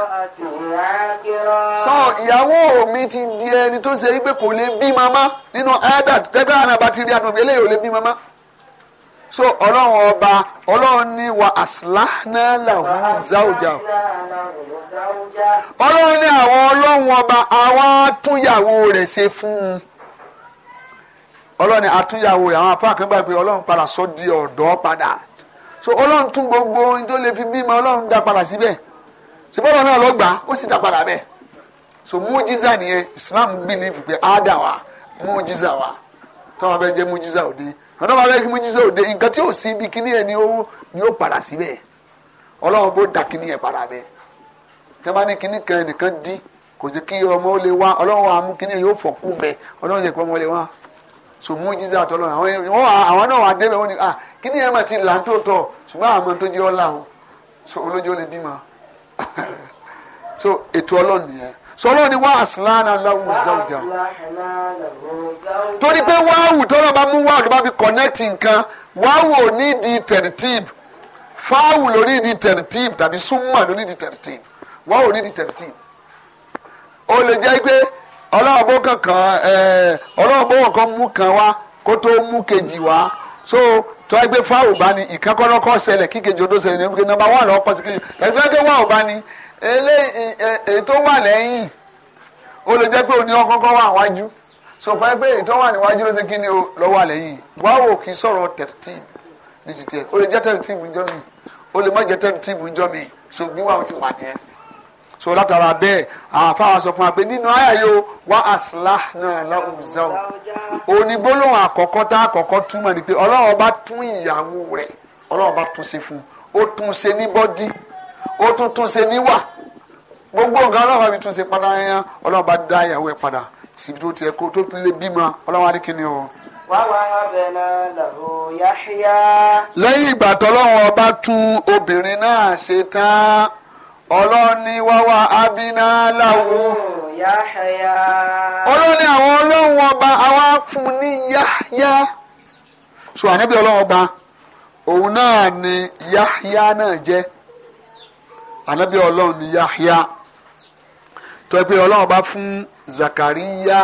sọ ìyàwó mi ti di ẹni tó ṣe wípé kò lè bí mama nínú ẹ̀dà tẹ́gbẹ́ àná bá ti rí eléyìí ò lè bí mama so ọlọ́run ọba ọlọ́run ni wa aslahna lahu zawja ọlọ́run ni àwọn ọlọ́run ọba àwa àtúnyàwó rẹ̀ ṣe fún un ni àtúnyàwó rẹ̀ àwọn apá kan gbà pé ọlọ́run padà sọ di ọ̀dọ́ padà so ọlọ́run tún gbogbo ohun tó lè fi bímọ ọlọ́run dá padà síbẹ̀ ṣùgbọ́n náà ló gbà ó sì dá padà bẹ́ẹ̀ so mujiza nìyẹn Islam believe pé á dà wá mujiza wa tọ́wọ́n bẹ jẹ́ mujiza òde ọ̀nà bá bẹ kí mujiza òde nǹkan tí ò sí ibi kíní ẹ̀ ni ó ni ó padà síbẹ̀ ọlọ́run bó da kíní ẹ̀ padà bẹ́ẹ̀ tẹ́ bá ní kíní kan ẹnìkan dí kò sí kí ọmọ ó lè wá ọlọ́run wa mú kíní yóò fọ̀ kú bẹ́ẹ̀ ọlọ́run yẹ kí ọmọ ó lè wá so mú jíjà tọ́lọ́ àwọn náà wà débẹ̀ wọ́n ni ah kí ni ẹ̀ máa ti là ń tó tọ̀ ṣùgbọ́n àwọn tó jẹ́ ọ̀la o so olójó lè bímọ so ètò ọlọ́run nìyẹn sọlọ́ ni wá àsìláàna láwù záwùjá torí pé wáwù tọ́lọ́ bá mú wáwù tó bá fi kọ́nẹ́tì nǹkan wáwù ò ní di tẹ̀rìtìb fáwù ló ní di tẹ̀rìtìb tàbí súnmà ló ní di tẹ̀rìtìb wáwù ò ní di tẹ̀rìtìb ó lè jẹ́ pé ọlọ́run bó kankan ẹ ọlọ́run bó kankan mú kan wá kó tó mú kejì wá so tó wáyé pé fáwọn bá ní ìkankọ́nọ́kọ́ ṣẹlẹ̀ kí kejì odó ṣẹlẹ̀ níbi nọ́mbà wà lọ́wọ́ pọ̀ sí kejì ẹgbẹ́ pé wà ó bá ní eléyìí e, e, tó wà lẹ́yìn ó lè jẹ́ pé òní ọkọ̀ọ̀kọ̀ wà wájú so pé pé ètò wà níwájú ló ṣe kí ni ó lọ́wọ́ lẹ́yìn wáwo kì í sọ̀rọ̀ tẹ̀tìb ní ti tiẹ̀ ó lè jẹ́ tẹ̀tìb ń jọ́ mi ó lè má jẹ́ tẹ̀tìb ń jọ́ mi so bí wàá ti wà nìyẹn so látara bẹ́ẹ̀ àwọn afáwọn sọ fún wa pé nínú àyà yóò wá àṣìlá náà lọ́wọ́sọ onígbólóhùn àkọ́kọ́ tá àkọ́kọ́ túmọ̀ ni pé ọlọ́run bá tún ìyàwó rẹ̀ ọlọ́run bá tún ṣe fún un ó tún ṣe ní bọ́dí ó tún tún ṣe níwà gbogbo nǹkan ọlọ́run bá fi tún ṣe padà yẹn ọlọ́run bá dá ìyàwó ẹ̀ padà síbi tó tiẹ̀ kó tó fi lè bímọ ọlọ́run á ní kíni o lẹ́yìn ìgbà tọ́lọ́run ọba tún obìnrin náà ṣe tán ọlọ́ni wáwá abináláwo. ọlọ́ọ̀ni àwọn ọlọ́run ọba àwa fún ní yáyá. so ànábì ọlọ́run ọba òun náà ni yáyá náà jẹ́ ànábì ọlọ́run ni yáyá To ọlọ́run ọba fún zakariya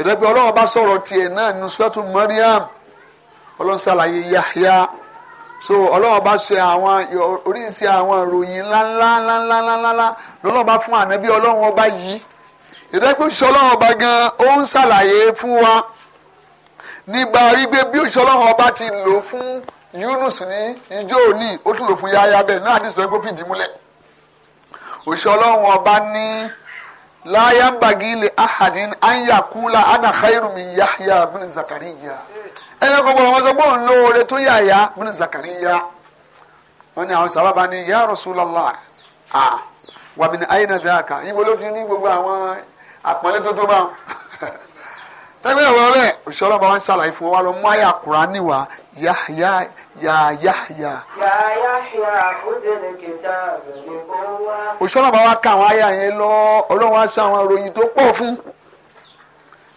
ìdọ́gbẹ́ ọlọ́run ọba sọ̀rọ̀ tiẹ̀ náà nínú sọ́tún mariam ọlọ́run yáyá. so ọlọ́run bá ṣe àwọn oríṣi àwọn ìròyìn ńláńlá ńláńlá fún ànábì ọlọ́run ọba yìí ìdẹ́gbẹ́ òṣìṣẹ́ ọlọ́run ọba gan ó ń ṣàlàyé fún wa nígbà wípé bí òṣìṣẹ́ ọlọ́run ọba ti lò fún Yunus ní ijó òní ó lò fún yáyá bẹ́ẹ̀ náà ọlọ́run ọba ní ahadin anyakula ẹnlẹ gbogbo wọn sọ pé òun lóore tó yà yá wọn ni Zakariya wọn ni àwọn sábàbà ni ya Rasulallah ah wàmí ni ayé náà dẹ́ àká ibo ló ti ní gbogbo àwọn àpọ́nlé tó tó bá wọn tẹ́gbẹ́ ìwọ rẹ̀ òṣèlú ọba wa ń ṣàlàyé fún wa lọ mú àyà Kùránì wá yáyá yáyá yá. òṣèlú ọba wa ká àwọn àyà yẹn lọ ọlọ́run á ṣe àwọn ìròyìn tó pọ̀ fún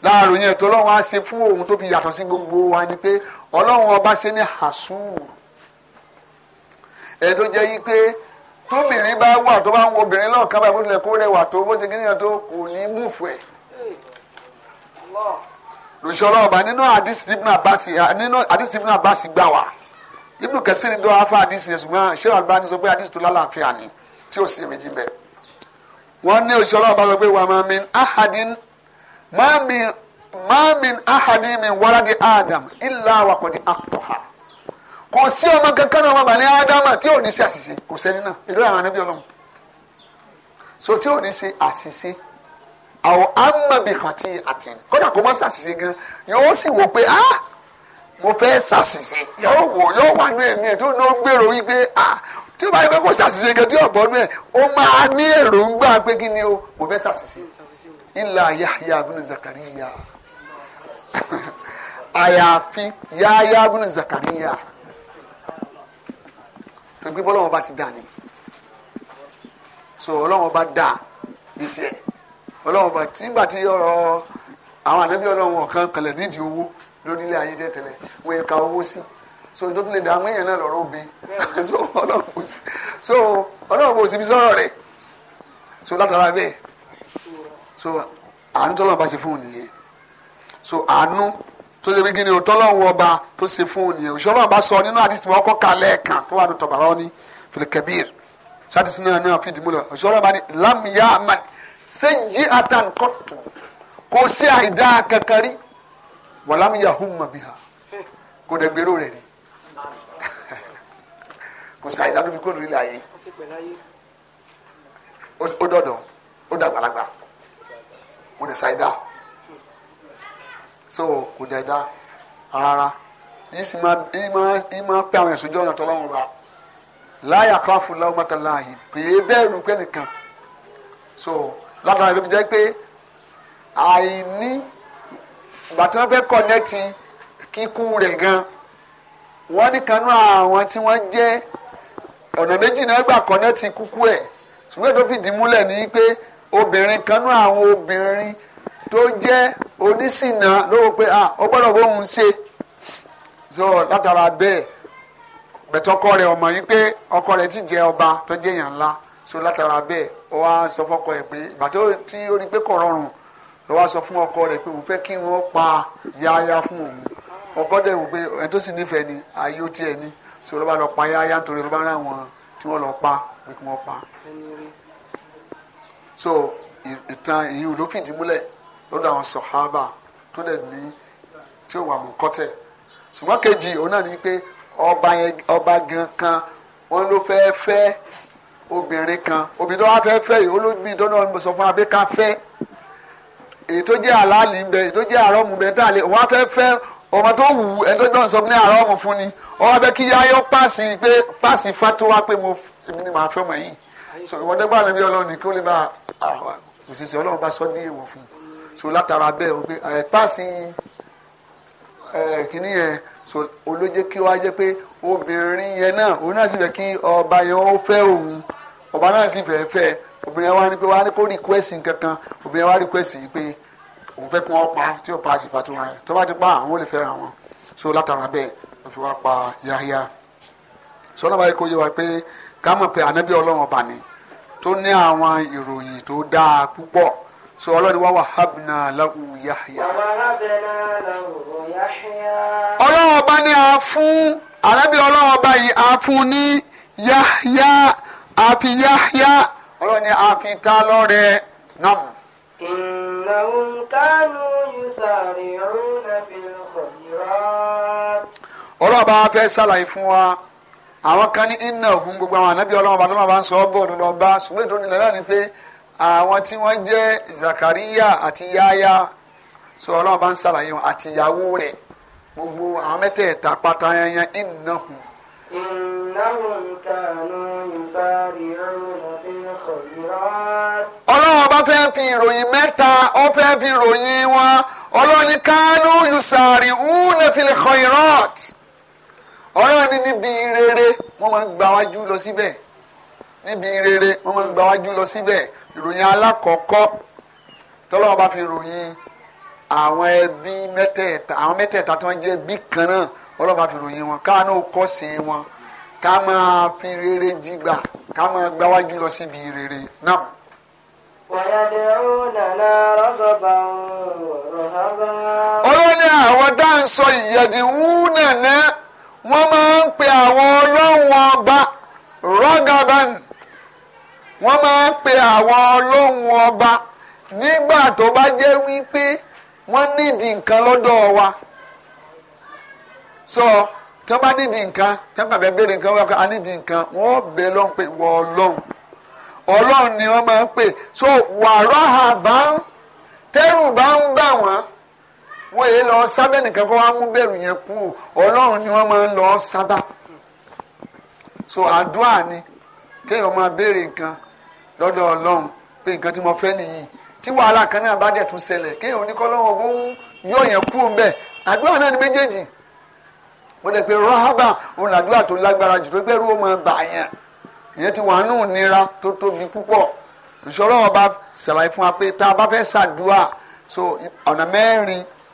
láàrùn yẹn tó lọ́wọ́ á ṣe fún òun tó fi yàtọ̀ sí gbogbo wa ni pé ọlọ́run ọba ṣe ní hasur ẹ̀ tó jẹ́ yí pé tóbìnrin bá wà tó bá ń wo obìnrin lọ́ọ̀kan báyìí bó tilẹ̀ kó rẹwà tó bó ṣe kíníyàn tó kò ní múfù ẹ̀. lùsọ̀rọ̀ ọba nínú àdìsí ibùnà àbáṣì gbà wá ibùnà kẹsì ni dọ́wọ́ afá àdìsí yẹn ṣùgbọ́n ṣé àlùbá ni sọ pé àdìsí tó lálàáfíà ni tí ò sí èmi jí bẹ́ẹ̀. wọ́n ní òṣìṣẹ́ ọlọ́ọ̀bá sọ pé wàá máa min ahadin ما من ما من أحد من ولد آدم إلا kò sí ọmọ kankan náà ádámà tí ò ní ṣe àṣìṣe kò náà ìlú àwọn anábì so tí ò ní ṣe àṣìṣe àwọn amábìkan ti àti kódà kó má ṣàṣìṣe gan yóò sì pé ah mo fẹ́ ṣàṣìṣe yóò wò yóò wà ní ẹ̀mí ah tí bá yẹ pé ṣàṣìṣe gan tí ẹ̀ ó máa ní èròǹgbà pé ilà yahya bin zakariya àyàfi yahya bin zakariya tó gbé bọ́lọ́wọ́n bá ti dà ní so ọlọ́wọ́n bá dà ní tiẹ̀ ọlọ́wọ́n bá nígbà tí ọ̀rọ̀ àwọn àdébí ọlọ́wọ́n kan kẹlẹ̀ nídìí owó lórílẹ̀ ayé tẹ́tẹ́lẹ̀ wọ́n ka owó sí so tó tún lè dá àwọn èèyàn náà lọ́rọ́ bí so ọlọ́wọ́n kò sí so ọlọ́wọ́n kò sí bí sọ̀rọ̀ rẹ̀ so látara bẹ́ẹ̀ so àánú tọ́lọ́wọ́n bá ṣe fún òun nìyẹn so àánú tó ṣe gbígbí ni o tọ́lọ́wọ́n ọba tó ṣe fún òun nìyẹn òṣèlú ọba sọ nínú àdìsí wọn kọ́ kalẹ̀ kan tó wà ní tọ̀bàrọ̀ ní filikẹ́bíir sátìsí náà náà fi dìbò lọ òṣèlú ọba ní lámìyá àmàlì ṣé yí àtàǹkọ̀tù kò sí àìdá kankan rí wàlámìyá hùmà bìhà kò dẹ̀ gbèrò rẹ̀ ni kò sí àìdá lóbi kó lórí ilẹ̀ ayé ó dọ̀dọ̀ ó dàgbàlagbà kò dẹ̀ ṣàìdá so kò dẹ̀ dá rárá yìí sì máa yìí máa pẹ́ àwọn ẹ̀sùn jọ́nà tọ́lọ́wọ́n bá láyà káfù láwùmọ́tà láàyè pé bẹ́ẹ̀rù pẹ́ nìkan so látara ló fi jẹ́ pé àìní ìgbà tí wọ́n fẹ́ kọ́nẹ́tì kíkú rẹ̀ gan wọ́n nìkan náà àwọn tí wọ́n jẹ́ ọ̀nà méjì náà gbà kọ́nẹ́tì kúkú ẹ̀ ṣùgbọ́n èdè fi dì múlẹ̀ ní pé obìnrin kan nú àwọn obìnrin tó jẹ́ onísìnà lówó pé ah ó gbọ́dọ̀ bóun ṣe so látara bẹ́ẹ̀ bẹ̀tọ́kọ rẹ̀ ọmọ yìí pé ọkọ rẹ̀ ti jẹ́ ọba tó jẹ́ èèyàn ńlá so látara bẹ́ẹ̀ ó wá sọ fọ́kọ ẹ̀ pé ìgbà tó tí ó rí pé kò rọrùn ló wá sọ fún ọkọ rẹ̀ pé òun fẹ́ kí wọ́n pa yáyá fún òun ọkọ dẹ̀ wò pé ẹni tó sì nífẹ̀ẹ́ ni ayé ó tiẹ̀ ni so ló bá lọ pa yáyá nítorí ló bá ráwọn tí wọ́n lọ pa pé kí wọ́n pa so ìtàn èyí ló fìdí múlẹ̀ lọ́dọ̀ àwọn sọ̀hábà tó dẹ̀ ní tí ó wà mú kọ́tẹ̀ ṣùgbọ́n kejì òun náà ni pé ọba yẹn ọba gan kan wọn ló fẹ́ fẹ́ obìnrin kan obìnrin tó wá fẹ́ fẹ́ yìí olóògbé ìtọ́nà ọ̀hún sọ fún abẹ́ká fẹ́ èyí tó jẹ́ àlàálì ń bẹ èyí tó jẹ́ àrọ́mù bẹ tá a lè wọ́n á fẹ́ fẹ́ ọmọ tó wù ú ẹni tó dán sọ ní àrọ́mù fún ni ọmọ fẹ́ kí yáyọ́ pé pàṣẹ fatuwa pé mo ni màá fẹ́ mọ̀ yìí so ìwọ́dẹ́ gbà níbi ọlọ́run ní kí ó lè máa ah, òṣìṣẹ́ ọlọ́run bá sọ ní èèwọ̀ fún un so látara bẹ́ẹ̀ o pé ẹ̀ pàṣẹ ẹ̀ kìíní yẹn so olójé kí wá jẹ́ pé obìnrin yẹn náà òun náà sì fẹ́ kí ọba yẹn ó fẹ́ òun ọba náà sì fẹ́ fẹ́ obìnrin yẹn wá ní pé wá ní kó request kankan obìnrin yẹn wá request yìí pé òun fẹ́ kí wọ́n tí ò pa àṣìfà tó wọn tó bá ti pa àwọn so látara bẹ́ẹ̀ wọ́n fi wá pa yáyá sọlá báyìí ká mọ̀ pé ànábì ọlọ́run ọba ni. tó ní àwọn ìròyìn tó dáa púpọ̀ so ọlọ́run wá wahabna lahu yahya. ọlọ́run ọba ní a fún àrẹ́bí ọlọ́run ọba yìí a fún ní yahya àfi yahya ọlọ́run ní a fi ta lọ́rẹ̀ náà. innahum kanu yusari'una fil khairat. ọlọ́run bá fẹ́ sàlàyé fún wa. àwọn kan ní iná òhun gbogbo àwọn ànábì ọlọ́run ọba lọ́wọ́ bá ń sọ ọ́ bọ̀ lọ́lọ́ bá ṣùgbọ́n ìdúró nílẹ̀ náà ni pé àwọn tí wọ́n jẹ́ Zakariya àti Yahya sọ ọlọ́run bá ń ṣàlàyé wọn àti ìyàwó rẹ̀ gbogbo àwọn mẹ́tẹ̀ẹ̀ta pátá yanyan iná hùn. ọlọ́run ọba fẹ́ fi ìròyìn mẹ́ta ó fẹ́ fi ìròyìn wọn ọlọ́run kánú yusari hùn lè kọ́ ìrọ́ọ̀tì ọ̀rẹ́ ni níbi rere wọ́n máa ń gba wájú lọ síbẹ̀ níbi rere wọ́n máa ń gba wájú lọ síbẹ̀ ìròyìn alákọ̀ọ́kọ́ tọ́lọ́wọ́n bá fi ròyìn àwọn ẹbí mẹ́tẹ̀ẹ̀ta àwọn mẹ́tẹ̀ẹ̀ta tí wọ́n jẹ́ bí kan náà ọlọ́wọ́n bá fi ròyìn wọn káàánú kọ́ sí wọn ká máa fi rere jìgbà ká máa gba wájú lọ síbi rere náà. ọlọ́ni àwọn dáhùn sọ ìyẹ̀dínwó náà náà. wọ́n máa ń pe àwọn ọlọ́run ọba rọ́gàbán wọ́n máa ń pe àwọn ọlọ́run ọba nígbà tó bá jẹ́ wípé wọ́n nídìí nǹkan lọ́dọ̀ wa sọ tí wọ́n bá nídìí nǹkan tí wọ́n wọ́n á nídìí nǹkan wọ́n lọ́n pé wọ́n ọlọ́run ọlọ́run ni wọ́n máa ń pè so wàrà àbá tẹ́rù bá ń wọ́n èyí lọ sábẹ́ nìkan kó wá mú bẹ̀rù yẹn kú ọlọ́run ni wọ́n máa ń lọ sábà so àdúrà ni kéèyàn máa béèrè nǹkan lọ́dọ̀ ọlọ́run pé nǹkan tí mo fẹ́ nìyí tí wàhálà kan náà bá dẹ̀ tún ṣẹlẹ̀ kéèyàn oníkọ́lọ́run ogun kú àdúrà náà ni méjèèjì mo dẹ̀ pé rọ́hábà làdúrà tó lágbára jù tó yẹn ìyẹn ti nira tó tóbi púpọ̀ ọba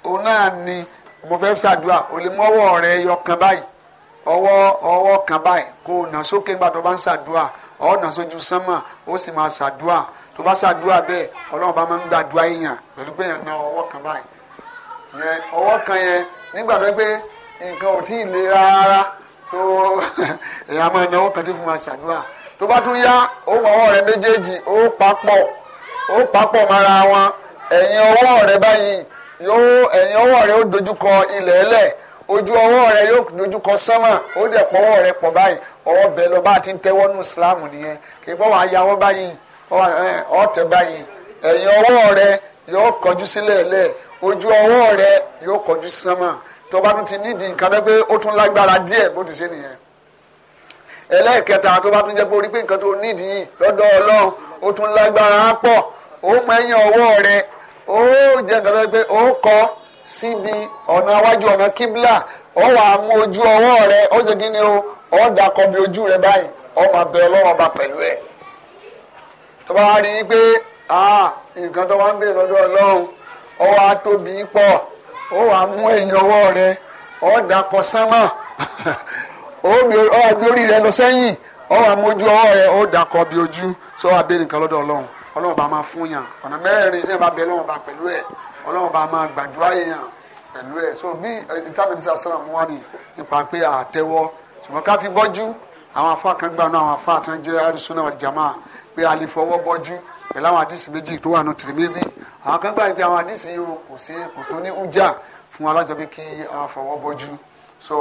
òun náà ni mo fẹ́ ṣàdúrà o lè mú ọwọ́ rẹ yọ kan báyìí ọwọ́ ọwọ́ kan báyìí kó o nà bá ń ṣàdúrà ọ̀ nà sójú sánmà ó sì máa ṣàdúrà tó bá ṣàdúrà bẹ́ẹ̀ ọlọ́run bá máa ń gbàdúrà èèyàn pẹ̀lú pé na ọwọ́ kan báyìí yẹn ọwọ́ kan yẹn nígbà tó pé nǹkan ò tí ì le tó èèyàn máa ọwọ́ kan tó fi bá tún yá rẹ méjèèjì ó papọ̀ ó papọ̀ yóò ẹ̀yìn ọwọ́ rẹ ó dojúkọ ilẹ̀ ẹlẹ̀ ojú ọwọ́ rẹ yóò dojúkọ sánmà ó dẹ̀ pọ̀wọ́ rẹ pọ̀ báyìí ọwọ́ bẹ̀ lọ bá ti ń tẹ́wọ́ nù ìsìláàmù nìyẹn kì í wàá yàwọ́ báyìí ọ̀tẹ̀ rẹ yóò kọjú sílẹ̀ ẹlẹ̀ ojú ọwọ́ rẹ yóò kọjú sánmà tó bá tún ti nídìí nǹkan tó pé ó tún lágbára díẹ̀ bó ti ṣe nìyẹn ẹlẹ́ẹ̀kẹta tó bá tún jẹ́ pé orí pé nǹkan tó nídìí lọ́dọ̀ Ọlọ́run ó tún lágbára rẹ ó jẹ nǹkan tó o kọ ó bi síbi ọ̀nà iwájú ọ̀nà kíbla ó wà mú ojú rẹ ó sì ni o ó dakọ̀ bí ojú rẹ báyìí ó máa bẹ ọlọ́run ọba pẹ̀lú ẹ̀ tó bá rí i pé nǹkan tó wá ń bèèrè lọ́dọ̀ ọlọ́run ó tóbi pọ̀ ó wà á mú ẹ̀yìn ọwọ́ rẹ ó sánmà rẹ lọ sẹ́yìn ó wà á mú ojú rẹ ó bí ojú sọ bèèrè nǹkan lọ́dọ̀ ọlọ́run. ọlọ́run bá máa fún yàn ọ̀nà mẹ́rin tí yẹn bá bẹ lọ́wọ́ bá pẹ̀lú ẹ̀ ọlọ́run bá máa gbàdúrà yàn pẹ̀lú ẹ̀ so bí ìtàmìtì sàṣàràn wà ní nípa pé àtẹwọ́ ṣùgbọ́n ká fi bọ́jú àwọn afá kan gbanú àwọn afá àtàn jẹ́ arísúná wal jamaa pé a lè fọwọ́ bọ́jú pẹ̀lú àwọn àdìsí méjì tó wà ní tìrìmẹ́bí àwọn kan gbà pé àwọn àdìsí yìí kò sí kò tó ní ujà fún alájọ pé kí a fọwọ́ bọ́jú so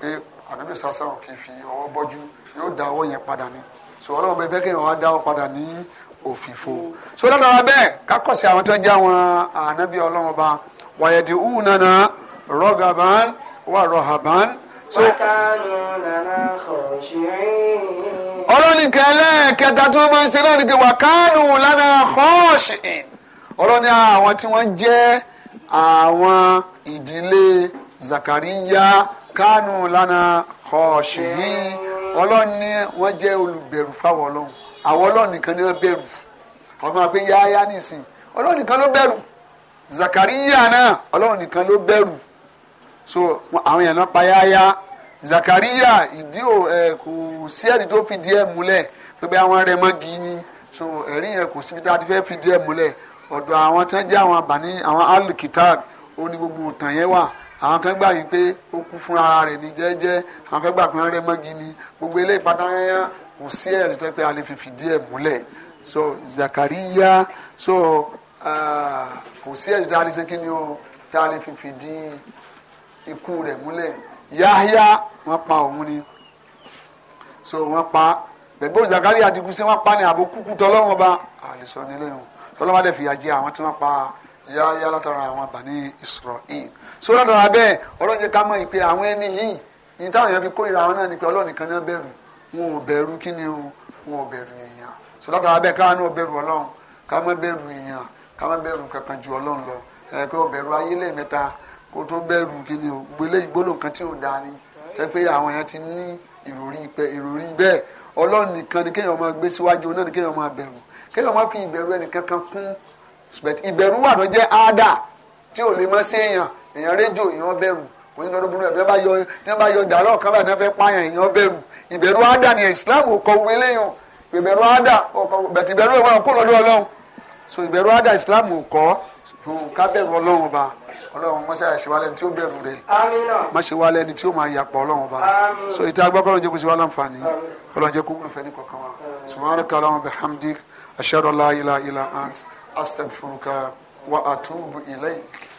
pé ànábì sàṣàràn kì í fi ọwọ́ bọ́jú yóò dá ọwọ́ yẹn padà ní so ọlọ́run bẹ́ẹ̀ kí wọ́n á dá ọ padà ní òfìfo so lọ́dọ̀ bẹ́ẹ̀ kákọ̀sí àwọn tó jẹ́ àwọn ànábì ọlọ́run ọba wàyẹ̀dì hù nana wà rọ́hàbán. so ọlọ́nìkan ẹlẹ́ẹ̀kẹta tí wọ́n máa ń ṣe náà ni pé wàkánù lánà kọ́ọ̀ṣì ọlọ́ni àwọn tí wọ́n jẹ́ àwọn ìdílé Zakariya kánù lánà kọ́ọ̀ṣì yìí ọlọ́ni wọ́n jẹ́ olùbẹ̀rù fáwọn ọlọ́run àwọn ọlọ́run nìkan ni wọ́n bẹ̀rù àwọn máa pé yáyá nìsín ọlọ́run nìkan ló bẹ̀rù zakariya náà ọlọ́run nìkan ló bẹ̀rù so àwọn èèyàn náà pa yáyá zakariya ìdí ò ẹ kò sí ẹ̀rí tó fi díẹ̀ múlẹ̀ pé bí àwọn rẹ̀ mọ́ gi so ẹ̀rí yẹn kò síbi tá a ti fẹ́ fi díẹ̀ múlẹ̀ ọ̀dọ̀ àwọn tí wọ́n jẹ́ àwọn àbáni àwọn alikitab ó ní gbogbo òtàn yẹn wà àwọn kan gbà yìí pé ó kú fún ara rẹ̀ ní jẹ́ẹ́jẹ́ àwọn kan gbà pé wọ́n rẹ̀ mọ́gi ni gbogbo eléyìí pátá yẹn kò sí ẹ̀rí tó pé a lè fi fìdí ẹ̀ so Zakariya so ah, kò sí ẹ̀rí tó a lè ni o tá a lè fi fìdí ikú rẹ̀ múlẹ̀ Yahya wọ́n pa òun ni so wọ́n pa bẹ̀bọ́n Zakariya ti kú sí wọ́n pa ni àbò kúkú tọ́lọ́wọ́n ba àlùsọ nílé wọn tọ́lọ́wọ́n dẹ̀ fìyà jẹ àwọn tí wọ́n pa Yahya látara àwọn Bani Israel so látara bẹ́ẹ̀ ọlọ́run jẹ́ ká mọ̀ ìpè àwọn ẹni yìí ìyí táwọn èèyàn fi kórìíra àwọn náà ni pé ọlọ́run nìkan náà bẹ̀rù wọn ò bẹ̀rù kí o wọn ò bẹ̀rù èèyàn sọlọ́kà abẹ́ káwọn náà bẹ̀rù ọlọ́run ká má bẹ̀rù èèyàn ká má bẹ̀rù kankan ju ọlọ́run lọ ẹ pé o bẹ̀rù ayé lẹ́ẹ̀mẹ́ta kó tó bẹ̀rù kí ni o gbélé ìgbóló nǹkan tí ò dáa ni tẹ́ pé àwọn èèyàn ti ní ìròrí pẹ́ ìròrí bẹ́ẹ̀ ọlọ́run nìkan ni kéèyàn máa gbé síwájú náà ni kéèyàn máa bẹ̀rù kéèyàn máa fi ìbẹ̀rù ẹnìkankan kún ìbẹ̀rù wà ló jẹ́ áádà tí ò lè mọ́ sí èèyàn èèyàn rédíò èèyàn bẹ̀rù kò ní lọ́dún burú ẹ̀ bí wọ́n bá yọ dàrọ́ kan bá fẹ́ pààyàn èèyàn bẹ̀rù ìbẹ̀rù ada ni islam kọ wé léyìn ìbẹ̀rù ádà bẹ̀tì ìbẹ̀rù ẹ̀ wọn kó lọ́dọ̀ ọlọ́run so ìbẹ̀rù ada islam kọ́ ká bẹ̀rù ọlọ́run ọba ọlọ́run mọ́ṣẹ́ àṣewálẹ̀ tí ó bẹ̀rù rẹ̀ mọ́ṣẹ́wálẹ̀ ni tí ó máa yàpọ̀ ọlọ́run ọba so ìta agbá kọ́lọ́n jẹ́ kó ṣe wá láǹfààní kọ́lọ́n jẹ́ kó wúlò fẹ́ ní kọ̀ọ̀kan wa subhanaka allahumma ant astaghfiruka wa atubu ilayk.